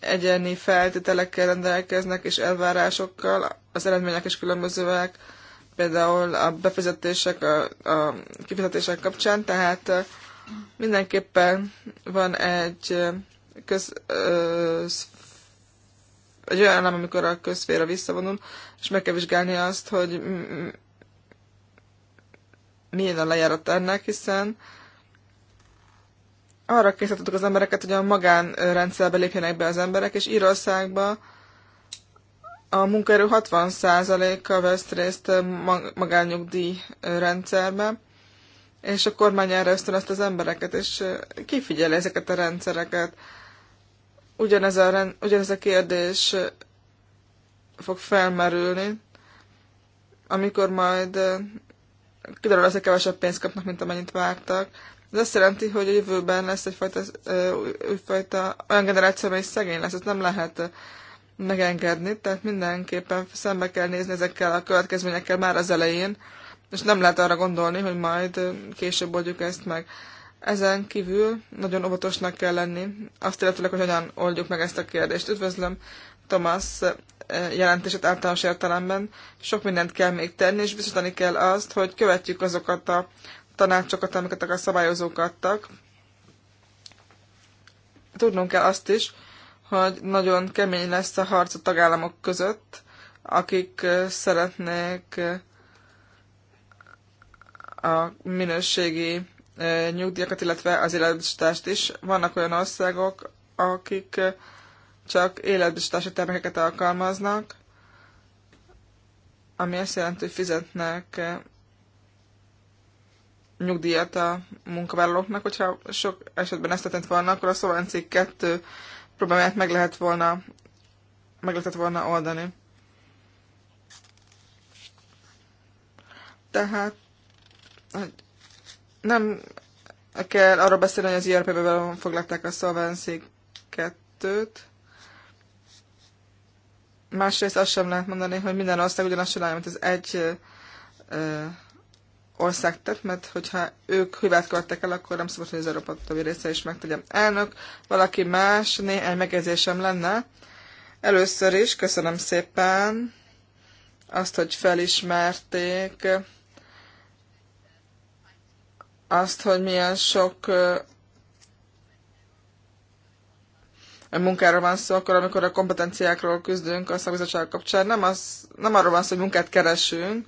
egyéni feltételekkel rendelkeznek és elvárásokkal, az eredmények is különbözőek, például a befizetések, a, a kifizetések kapcsán, tehát mindenképpen van egy köz, ö, egy olyan elem, amikor a közféra visszavonul, és meg kell vizsgálni azt, hogy milyen a lejárat ennek, hiszen arra készítettük az embereket, hogy a magánrendszerbe lépjenek be az emberek, és Írországba a munkaerő 60%-a vesz részt magányugdíj rendszerbe, és a kormány erre ösztönözte az embereket, és kifigyeli ezeket a rendszereket. Ugyanez a, rend, ugyanez a kérdés fog felmerülni, amikor majd kiderül az, hogy kevesebb pénzt kapnak, mint amennyit vártak. Ez azt jelenti, hogy a jövőben lesz egyfajta, újfajta, olyan generáció, amely szegény lesz, ezt nem lehet megengedni, tehát mindenképpen szembe kell nézni ezekkel a következményekkel már az elején, és nem lehet arra gondolni, hogy majd később oldjuk ezt meg. Ezen kívül nagyon óvatosnak kell lenni, azt illetőleg, hogy hogyan oldjuk meg ezt a kérdést. Üdvözlöm Thomas eh, jelentését általános értelemben. Sok mindent kell még tenni, és biztosítani kell azt, hogy követjük azokat a tanácsokat, amiket a szabályozók adtak. Tudnunk kell azt is, hogy nagyon kemény lesz a harc a tagállamok között, akik eh, szeretnék eh, a minőségi nyugdíjakat, illetve az életbiztosítást is. Vannak olyan országok, akik csak életbiztosítási termékeket alkalmaznak, ami azt jelenti, hogy fizetnek eh, nyugdíjat a munkavállalóknak, hogyha sok esetben ezt tett volna, akkor a szlovencik kettő problémát meg lehet volna, meg lehetett volna oldani. Tehát nem kell arról beszélni, hogy az IRP-ben foglalták a Solvency kettőt, Másrészt azt sem lehet mondani, hogy minden ország ugyanazt csinálja, mint az egy ö, ország tett, mert hogyha ők hibát követtek el, akkor nem szabad, hogy az Európa többi része is megtegye. Elnök, valaki más, néhány megjegyzésem lenne. Először is köszönöm szépen azt, hogy felismerték azt, hogy milyen sok munkáról van szó, akkor amikor a kompetenciákról küzdünk a szakbizottság kapcsán, nem, az, nem arról van szó, hogy munkát keresünk,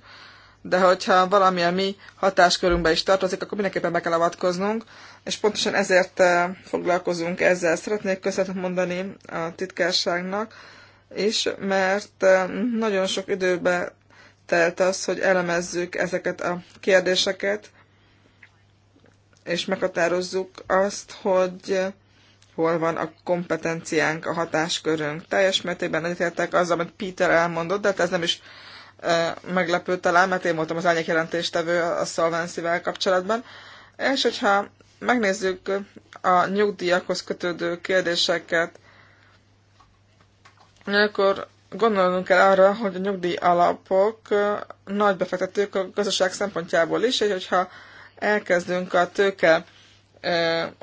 de hogyha valami a mi hatáskörünkbe is tartozik, akkor mindenképpen be kell avatkoznunk, és pontosan ezért eh, foglalkozunk ezzel. Szeretnék köszönetet mondani a titkárságnak is, mert eh, nagyon sok időbe telt az, hogy elemezzük ezeket a kérdéseket, és meghatározzuk azt, hogy hol van a kompetenciánk, a hatáskörünk. Teljes mértékben egyetértek azzal, amit Peter elmondott, de hát ez nem is e, meglepő talán, mert én voltam az ányek jelentéstevő a solvency kapcsolatban. És hogyha megnézzük a nyugdíjakhoz kötődő kérdéseket, akkor gondolnunk kell arra, hogy a nyugdíj alapok nagy befektetők a gazdaság szempontjából is, és hogyha elkezdünk a tőke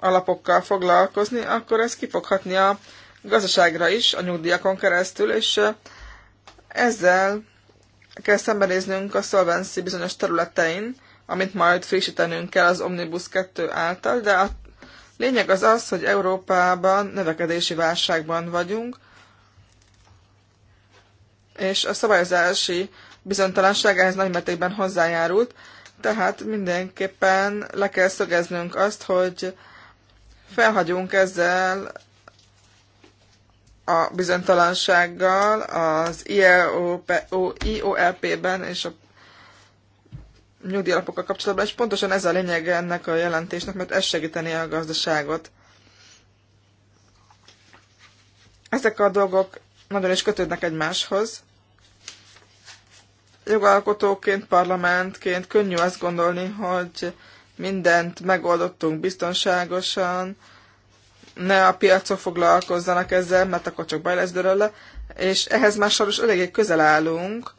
alapokkal foglalkozni, akkor ez kifoghatni a gazdaságra is, a nyugdíjakon keresztül, és ezzel kell szembenéznünk a Solvency bizonyos területein, amit majd frissítenünk kell az Omnibus 2 által, de a lényeg az az, hogy Európában növekedési válságban vagyunk, és a szabályozási bizonytalanság ehhez mértékben hozzájárult, tehát mindenképpen le kell szögeznünk azt, hogy felhagyunk ezzel a bizonytalansággal az IOLP-ben e és a nyugdíjalapokkal kapcsolatban, és pontosan ez a lényege ennek a jelentésnek, mert ez segíteni a gazdaságot. Ezek a dolgok nagyon is kötődnek egymáshoz jogalkotóként, parlamentként könnyű azt gondolni, hogy mindent megoldottunk biztonságosan, ne a piacok foglalkozzanak ezzel, mert akkor csak baj lesz belőle, és ehhez már sajnos eléggé közel állunk.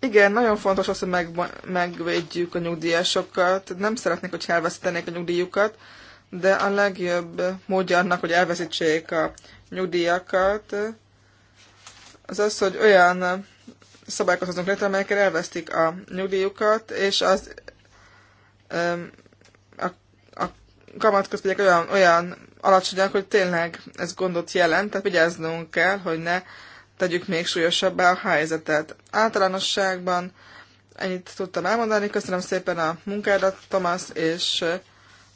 Igen, nagyon fontos az, hogy meg, megvédjük a nyugdíjasokat. Nem szeretnék, hogy elvesztenék a nyugdíjukat, de a legjobb módja annak, hogy elveszítsék a nyugdíjakat, az az, hogy olyan szabályokat hozunk létre, amelyekkel elvesztik a nyugdíjukat, és az a, a kamatközpénzek olyan, olyan alacsonyak, hogy tényleg ez gondot jelent, tehát vigyáznunk kell, hogy ne tegyük még súlyosabbá a helyzetet. Általánosságban ennyit tudtam elmondani, köszönöm szépen a munkádat, Thomas, és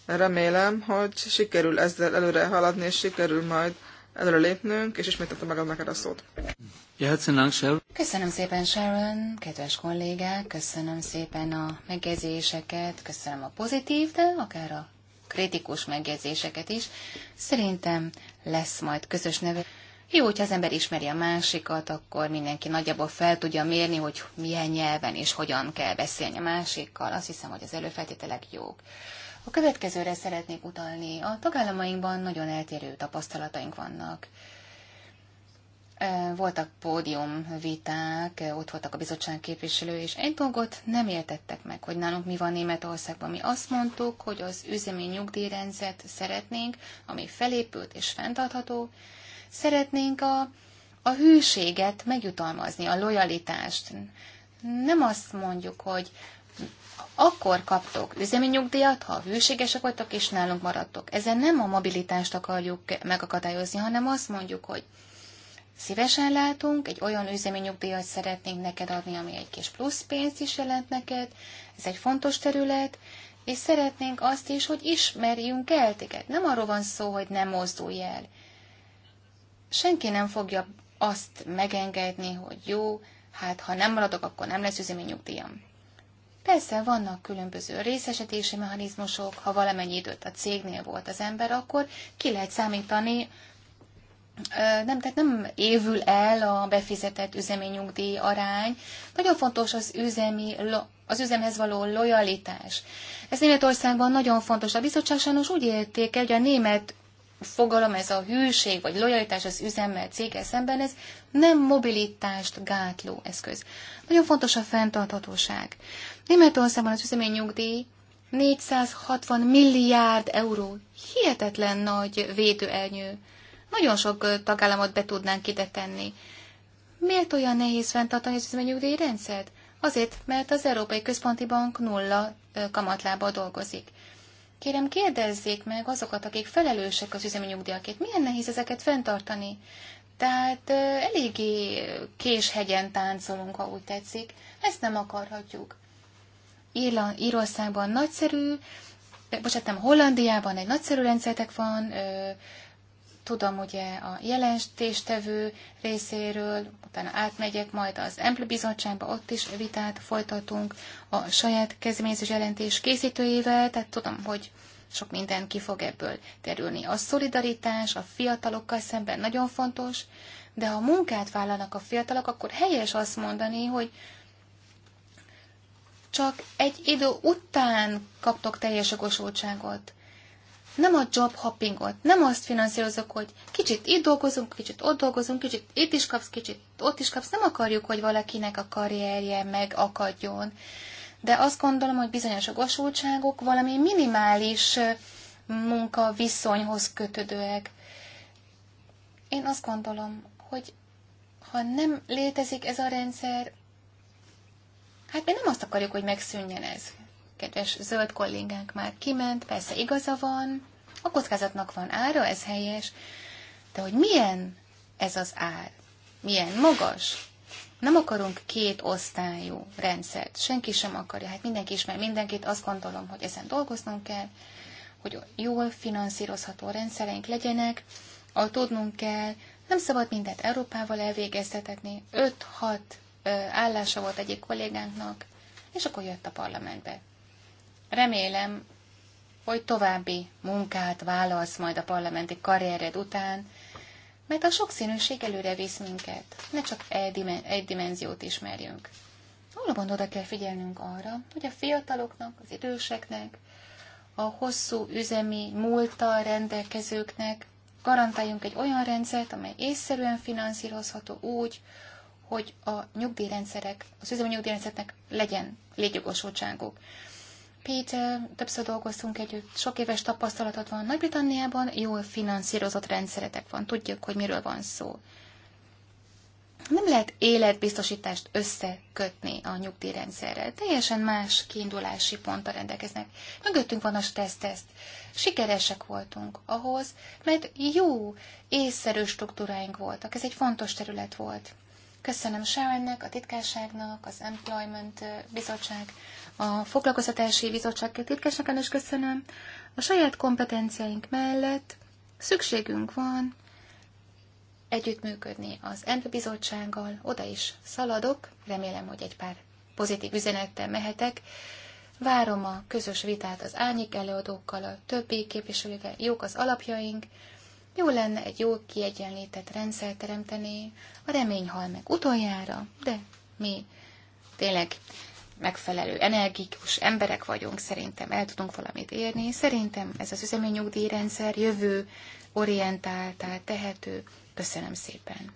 remélem, hogy sikerül ezzel előre haladni, és sikerül majd előre lépnünk, és ismételtem meg neked a szót. Köszönöm szépen, Sharon, kedves kollégák, köszönöm szépen a megjegyzéseket, köszönöm a pozitív, de akár a kritikus megjegyzéseket is. Szerintem lesz majd közös neve. Jó, hogyha az ember ismeri a másikat, akkor mindenki nagyjából fel tudja mérni, hogy milyen nyelven és hogyan kell beszélni a másikkal. Azt hiszem, hogy az előfeltételek jók. A következőre szeretnék utalni. A tagállamainkban nagyon eltérő tapasztalataink vannak. E, voltak pódiumviták, e, ott voltak a bizottság képviselő, és egy dolgot nem értettek meg, hogy nálunk mi van Németországban. Mi azt mondtuk, hogy az üzemi nyugdíjrendszert szeretnénk, ami felépült és fenntartható. Szeretnénk a, a hűséget megjutalmazni, a lojalitást. Nem azt mondjuk, hogy akkor kaptok üzemi nyugdíjat, ha hűségesek voltak és nálunk maradtok. Ezen nem a mobilitást akarjuk megakadályozni, hanem azt mondjuk, hogy szívesen látunk, egy olyan üzemi nyugdíjat szeretnénk neked adni, ami egy kis plusz pénzt is jelent neked, ez egy fontos terület, és szeretnénk azt is, hogy ismerjünk el téged. Nem arról van szó, hogy nem mozdulj el. Senki nem fogja azt megengedni, hogy jó, hát ha nem maradok, akkor nem lesz üzemi nyugdíjam. Persze vannak különböző részesedési mechanizmusok, ha valamennyi időt a cégnél volt az ember, akkor ki lehet számítani, nem, tehát nem évül el a befizetett üzemi nyugdíj arány. Nagyon fontos az üzemi, az üzemhez való lojalitás. Ez Németországban nagyon fontos. A bizottság sajnos úgy érték, hogy a német fogalom, ez a hűség vagy lojalitás az üzemmel, céggel szemben, ez nem mobilitást gátló eszköz. Nagyon fontos a fenntarthatóság. Németországban az üzemény nyugdíj 460 milliárd euró. Hihetetlen nagy védőernyő. Nagyon sok tagállamot be tudnánk ide tenni. Miért olyan nehéz fenntartani az nyugdíj rendszert? Azért, mert az Európai Központi Bank nulla kamatlába dolgozik. Kérem, kérdezzék meg azokat, akik felelősek az üzemi nyugdíjakért. Milyen nehéz ezeket fenntartani? Tehát eléggé késhegyen táncolunk, ha úgy tetszik. Ezt nem akarhatjuk. Írországban nagyszerű, bocsánat, nem, Hollandiában egy nagyszerű rendszertek van, tudom ugye a jelentéstevő részéről, utána átmegyek majd az Emple Bizottságba, ott is vitát folytatunk a saját kezdeményezés jelentés készítőjével, tehát tudom, hogy sok minden ki fog ebből terülni. A szolidaritás a fiatalokkal szemben nagyon fontos, de ha munkát vállalnak a fiatalok, akkor helyes azt mondani, hogy csak egy idő után kaptok teljes jogosultságot nem a job hoppingot, nem azt finanszírozok, hogy kicsit itt dolgozunk, kicsit ott dolgozunk, kicsit itt is kapsz, kicsit ott is kapsz. Nem akarjuk, hogy valakinek a karrierje megakadjon. De azt gondolom, hogy bizonyos jogosultságok valami minimális viszonyhoz kötődőek. Én azt gondolom, hogy ha nem létezik ez a rendszer, hát mi nem azt akarjuk, hogy megszűnjen ez kedves zöld kollégánk már kiment, persze igaza van, a kockázatnak van ára, ez helyes, de hogy milyen ez az ár, milyen magas, nem akarunk két osztályú rendszert, senki sem akarja, hát mindenki ismer mindenkit, azt gondolom, hogy ezen dolgoznunk kell, hogy jól finanszírozható rendszereink legyenek, a tudnunk kell, nem szabad mindent Európával elvégeztetni, 5-6 állása volt egyik kollégánknak, és akkor jött a parlamentbe. Remélem, hogy további munkát válasz majd a parlamenti karriered után, mert a sokszínűség előre visz minket, ne csak egy dimenziót ismerjünk. Valóban oda kell figyelnünk arra, hogy a fiataloknak, az időseknek, a hosszú üzemi múlttal rendelkezőknek garantáljunk egy olyan rendszert, amely észszerűen finanszírozható úgy, hogy a nyugdíjrendszerek, az üzemi nyugdíjrendszereknek legyen létjogosultságuk. Péter, többször dolgoztunk együtt, sok éves tapasztalatot van Nagy-Britanniában, jól finanszírozott rendszeretek van, tudjuk, hogy miről van szó. Nem lehet életbiztosítást összekötni a nyugdíjrendszerrel. Teljesen más kiindulási ponttal rendelkeznek. Mögöttünk van a stresszteszt. Sikeresek voltunk ahhoz, mert jó, észszerű struktúráink voltak. Ez egy fontos terület volt. Köszönöm Sharonnek, a titkárságnak, az Employment Bizottság a Foglalkoztatási Bizottság titkásnak is köszönöm. A saját kompetenciáink mellett szükségünk van együttműködni az ENV bizottsággal, oda is szaladok, remélem, hogy egy pár pozitív üzenettel mehetek. Várom a közös vitát az ányik előadókkal, a többi képviselővel, jók az alapjaink, jó lenne egy jó kiegyenlített rendszer teremteni, a remény hal meg utoljára, de mi tényleg megfelelő, energikus emberek vagyunk, szerintem el tudunk valamit érni. Szerintem ez az üzemi nyugdíjrendszer jövő orientáltá tehető. Köszönöm szépen.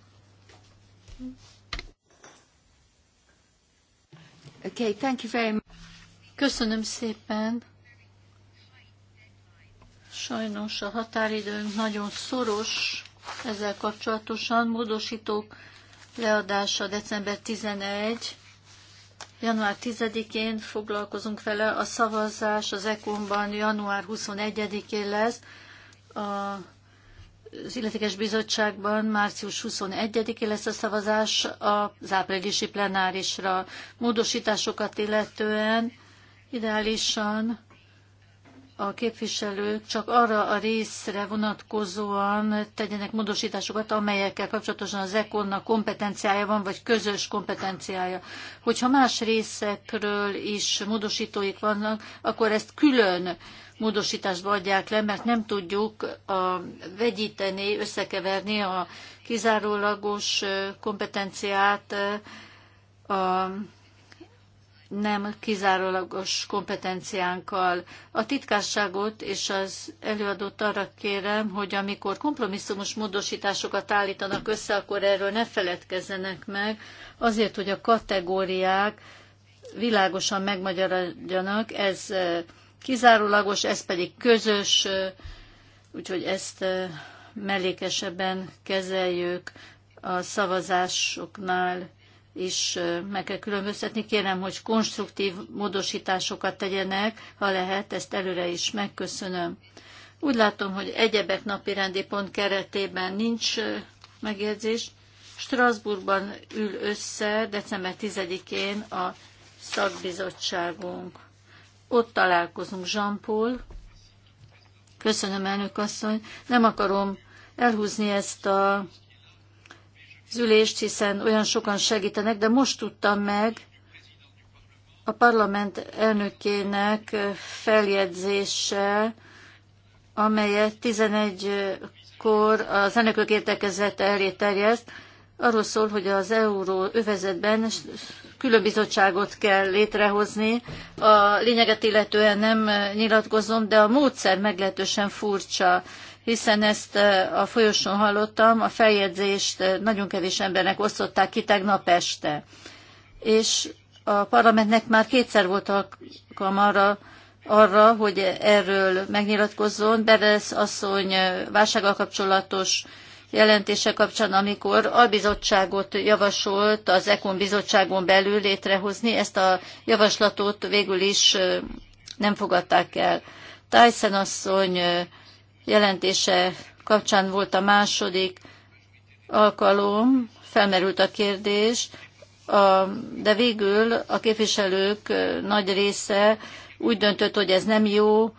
Okay, thank you very much. Köszönöm szépen. Sajnos a határidőnk nagyon szoros ezzel kapcsolatosan. Módosítók leadása december 11 Január 10-én foglalkozunk vele, a szavazás az ekonban január 21-én lesz, a, az illetékes bizottságban március 21-én lesz a szavazás az áprilisi plenárisra. Módosításokat illetően ideálisan a képviselők csak arra a részre vonatkozóan tegyenek módosításokat, amelyekkel kapcsolatosan az ECON-nak kompetenciája van, vagy közös kompetenciája. Hogyha más részekről is módosítóik vannak, akkor ezt külön módosításba adják le, mert nem tudjuk a, vegyíteni, összekeverni a kizárólagos kompetenciát a nem kizárólagos kompetenciánkkal. A titkárságot és az előadót arra kérem, hogy amikor kompromisszumos módosításokat állítanak össze, akkor erről ne feledkezzenek meg, azért, hogy a kategóriák világosan megmagyaradjanak, ez kizárólagos, ez pedig közös, úgyhogy ezt mellékesebben kezeljük a szavazásoknál is meg kell különböztetni. Kérem, hogy konstruktív módosításokat tegyenek, ha lehet, ezt előre is megköszönöm. Úgy látom, hogy egyebek napi rendi pont keretében nincs megjegyzés. Strasbourgban ül össze december 10-én a szakbizottságunk. Ott találkozunk Jean-Paul. Köszönöm, elnök asszony. Nem akarom elhúzni ezt a az ülést, hiszen olyan sokan segítenek, de most tudtam meg a parlament elnökének feljegyzése, amelyet 11-kor az elnökök értekezete elé terjeszt, arról szól, hogy az euró övezetben külön bizottságot kell létrehozni. A lényeget illetően nem nyilatkozom, de a módszer meglehetősen furcsa hiszen ezt eh, a folyosón hallottam, a feljegyzést eh, nagyon kevés embernek osztották ki tegnap este. És a parlamentnek már kétszer volt alkalma arra, arra, hogy erről megnyilatkozzon. Beresz asszony eh, válsággal kapcsolatos jelentése kapcsán, amikor a bizottságot javasolt az EKON bizottságon belül létrehozni, ezt a javaslatot végül is nem fogadták el. Tyson asszony jelentése kapcsán volt a második alkalom, felmerült a kérdés, a, de végül a képviselők nagy része úgy döntött, hogy ez nem jó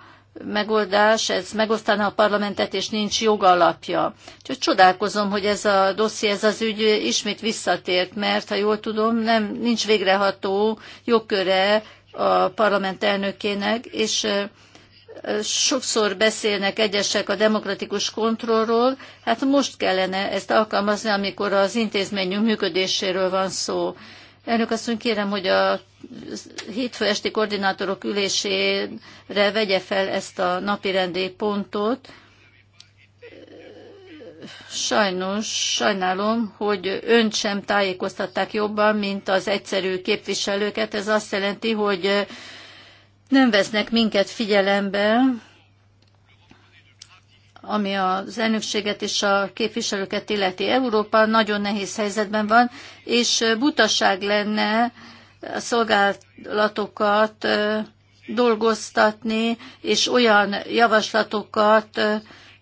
megoldás, ez megosztaná a parlamentet, és nincs jogalapja. Úgyhogy csodálkozom, hogy ez a dosszi, ez az ügy ismét visszatért, mert ha jól tudom, nem, nincs végreható jogköre a parlament elnökének, és sokszor beszélnek egyesek a demokratikus kontrollról, hát most kellene ezt alkalmazni, amikor az intézményünk működéséről van szó. Elnök asszony, kérem, hogy a hétfő esti koordinátorok ülésére vegye fel ezt a napirendi pontot. Sajnos, sajnálom, hogy önt sem tájékoztatták jobban, mint az egyszerű képviselőket. Ez azt jelenti, hogy nem vesznek minket figyelembe, ami az elnökséget és a képviselőket illeti. Európa nagyon nehéz helyzetben van, és butaság lenne a szolgálatokat dolgoztatni, és olyan javaslatokat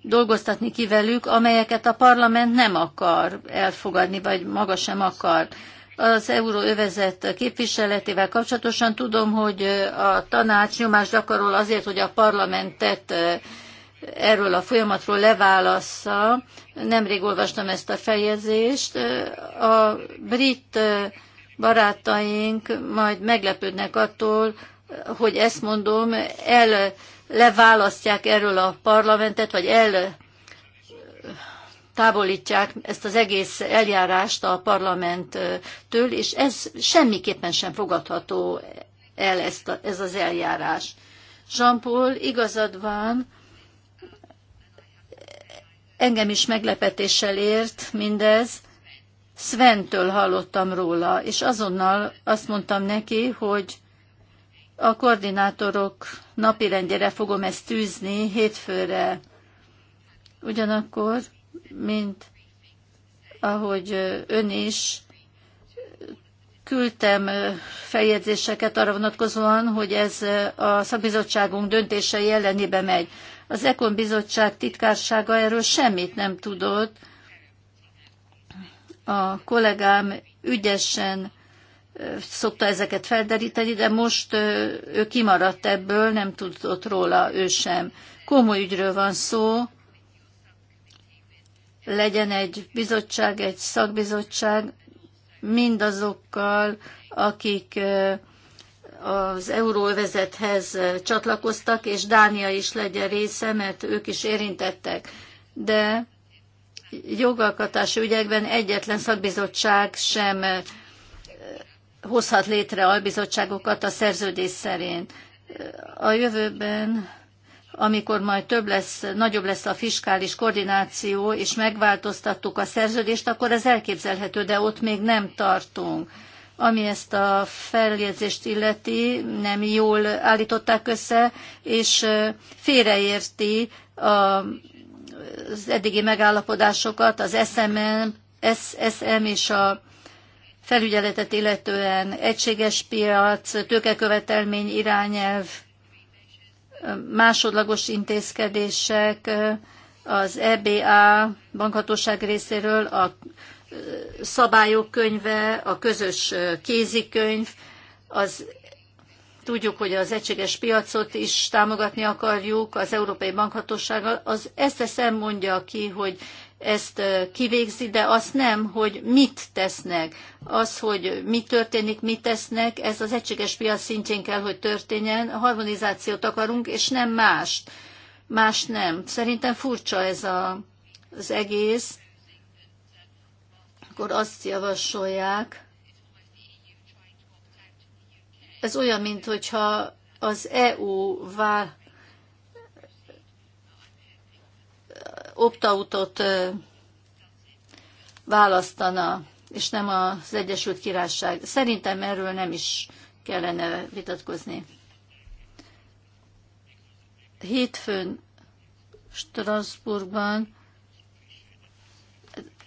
dolgoztatni ki velük, amelyeket a parlament nem akar elfogadni, vagy maga sem akar az euróövezet képviseletével kapcsolatosan. Tudom, hogy a tanács nyomást gyakorol azért, hogy a parlamentet erről a folyamatról leválassza. Nemrég olvastam ezt a fejezést. A brit barátaink majd meglepődnek attól, hogy ezt mondom, el leválasztják erről a parlamentet, vagy el távolítják ezt az egész eljárást a parlamenttől, és ez semmiképpen sem fogadható el ezt a, ez az eljárás. Jean-Paul, igazad van, engem is meglepetéssel ért mindez, Sventől hallottam róla, és azonnal azt mondtam neki, hogy a koordinátorok napirendjére fogom ezt tűzni hétfőre. Ugyanakkor mint ahogy ön is küldtem feljegyzéseket arra vonatkozóan, hogy ez a szakbizottságunk döntései ellenébe megy. Az Ekon bizottság titkársága erről semmit nem tudott. A kollégám ügyesen szokta ezeket felderíteni, de most ő kimaradt ebből, nem tudott róla ő sem. Komoly ügyről van szó, legyen egy bizottság, egy szakbizottság mindazokkal, akik az euróvezethez csatlakoztak, és Dánia is legyen része, mert ők is érintettek. De jogalkatási ügyekben egyetlen szakbizottság sem hozhat létre albizottságokat a szerződés szerint. A jövőben amikor majd több lesz, nagyobb lesz a fiskális koordináció, és megváltoztattuk a szerződést, akkor ez elképzelhető, de ott még nem tartunk. Ami ezt a feljegyzést illeti, nem jól állították össze, és félreérti a az eddigi megállapodásokat, az SMM, SSM és a felügyeletet illetően egységes piac, tőkekövetelmény irányelv, másodlagos intézkedések az EBA bankhatóság részéről, a szabályok könyve, a közös kézikönyv, az tudjuk, hogy az egységes piacot is támogatni akarjuk az Európai Bankhatósággal, az ezt szem mondja ki, hogy ezt kivégzi, de azt nem, hogy mit tesznek. Az, hogy mi történik, mit tesznek, ez az egységes piac szintjén kell, hogy történjen. Harmonizációt akarunk, és nem mást. Más nem. Szerintem furcsa ez a, az egész. Akkor azt javasolják, ez olyan, mintha az EU vál. optautot választana, és nem az Egyesült Királyság. Szerintem erről nem is kellene vitatkozni. Hétfőn Strasbourgban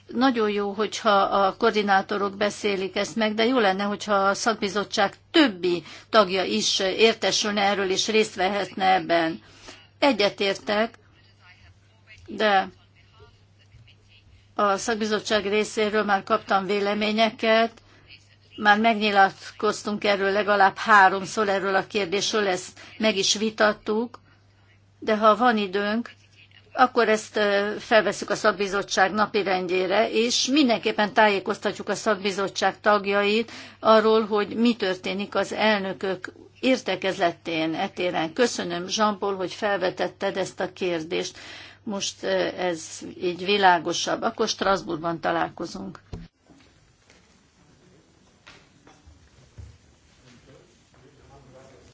nagyon jó, hogyha a koordinátorok beszélik ezt meg, de jó lenne, hogyha a szakbizottság többi tagja is értesülne erről, és részt vehetne ebben. Egyetértek, de a szakbizottság részéről már kaptam véleményeket, már megnyilatkoztunk erről legalább háromszor erről a kérdésről, ezt meg is vitattuk, de ha van időnk, akkor ezt felveszük a szakbizottság rendjére, és mindenképpen tájékoztatjuk a szakbizottság tagjait arról, hogy mi történik az elnökök értekezletén etéren. Köszönöm, Zsampol, hogy felvetetted ezt a kérdést. Most eh, ez így világosabb. Akkor Strasbourgban találkozunk.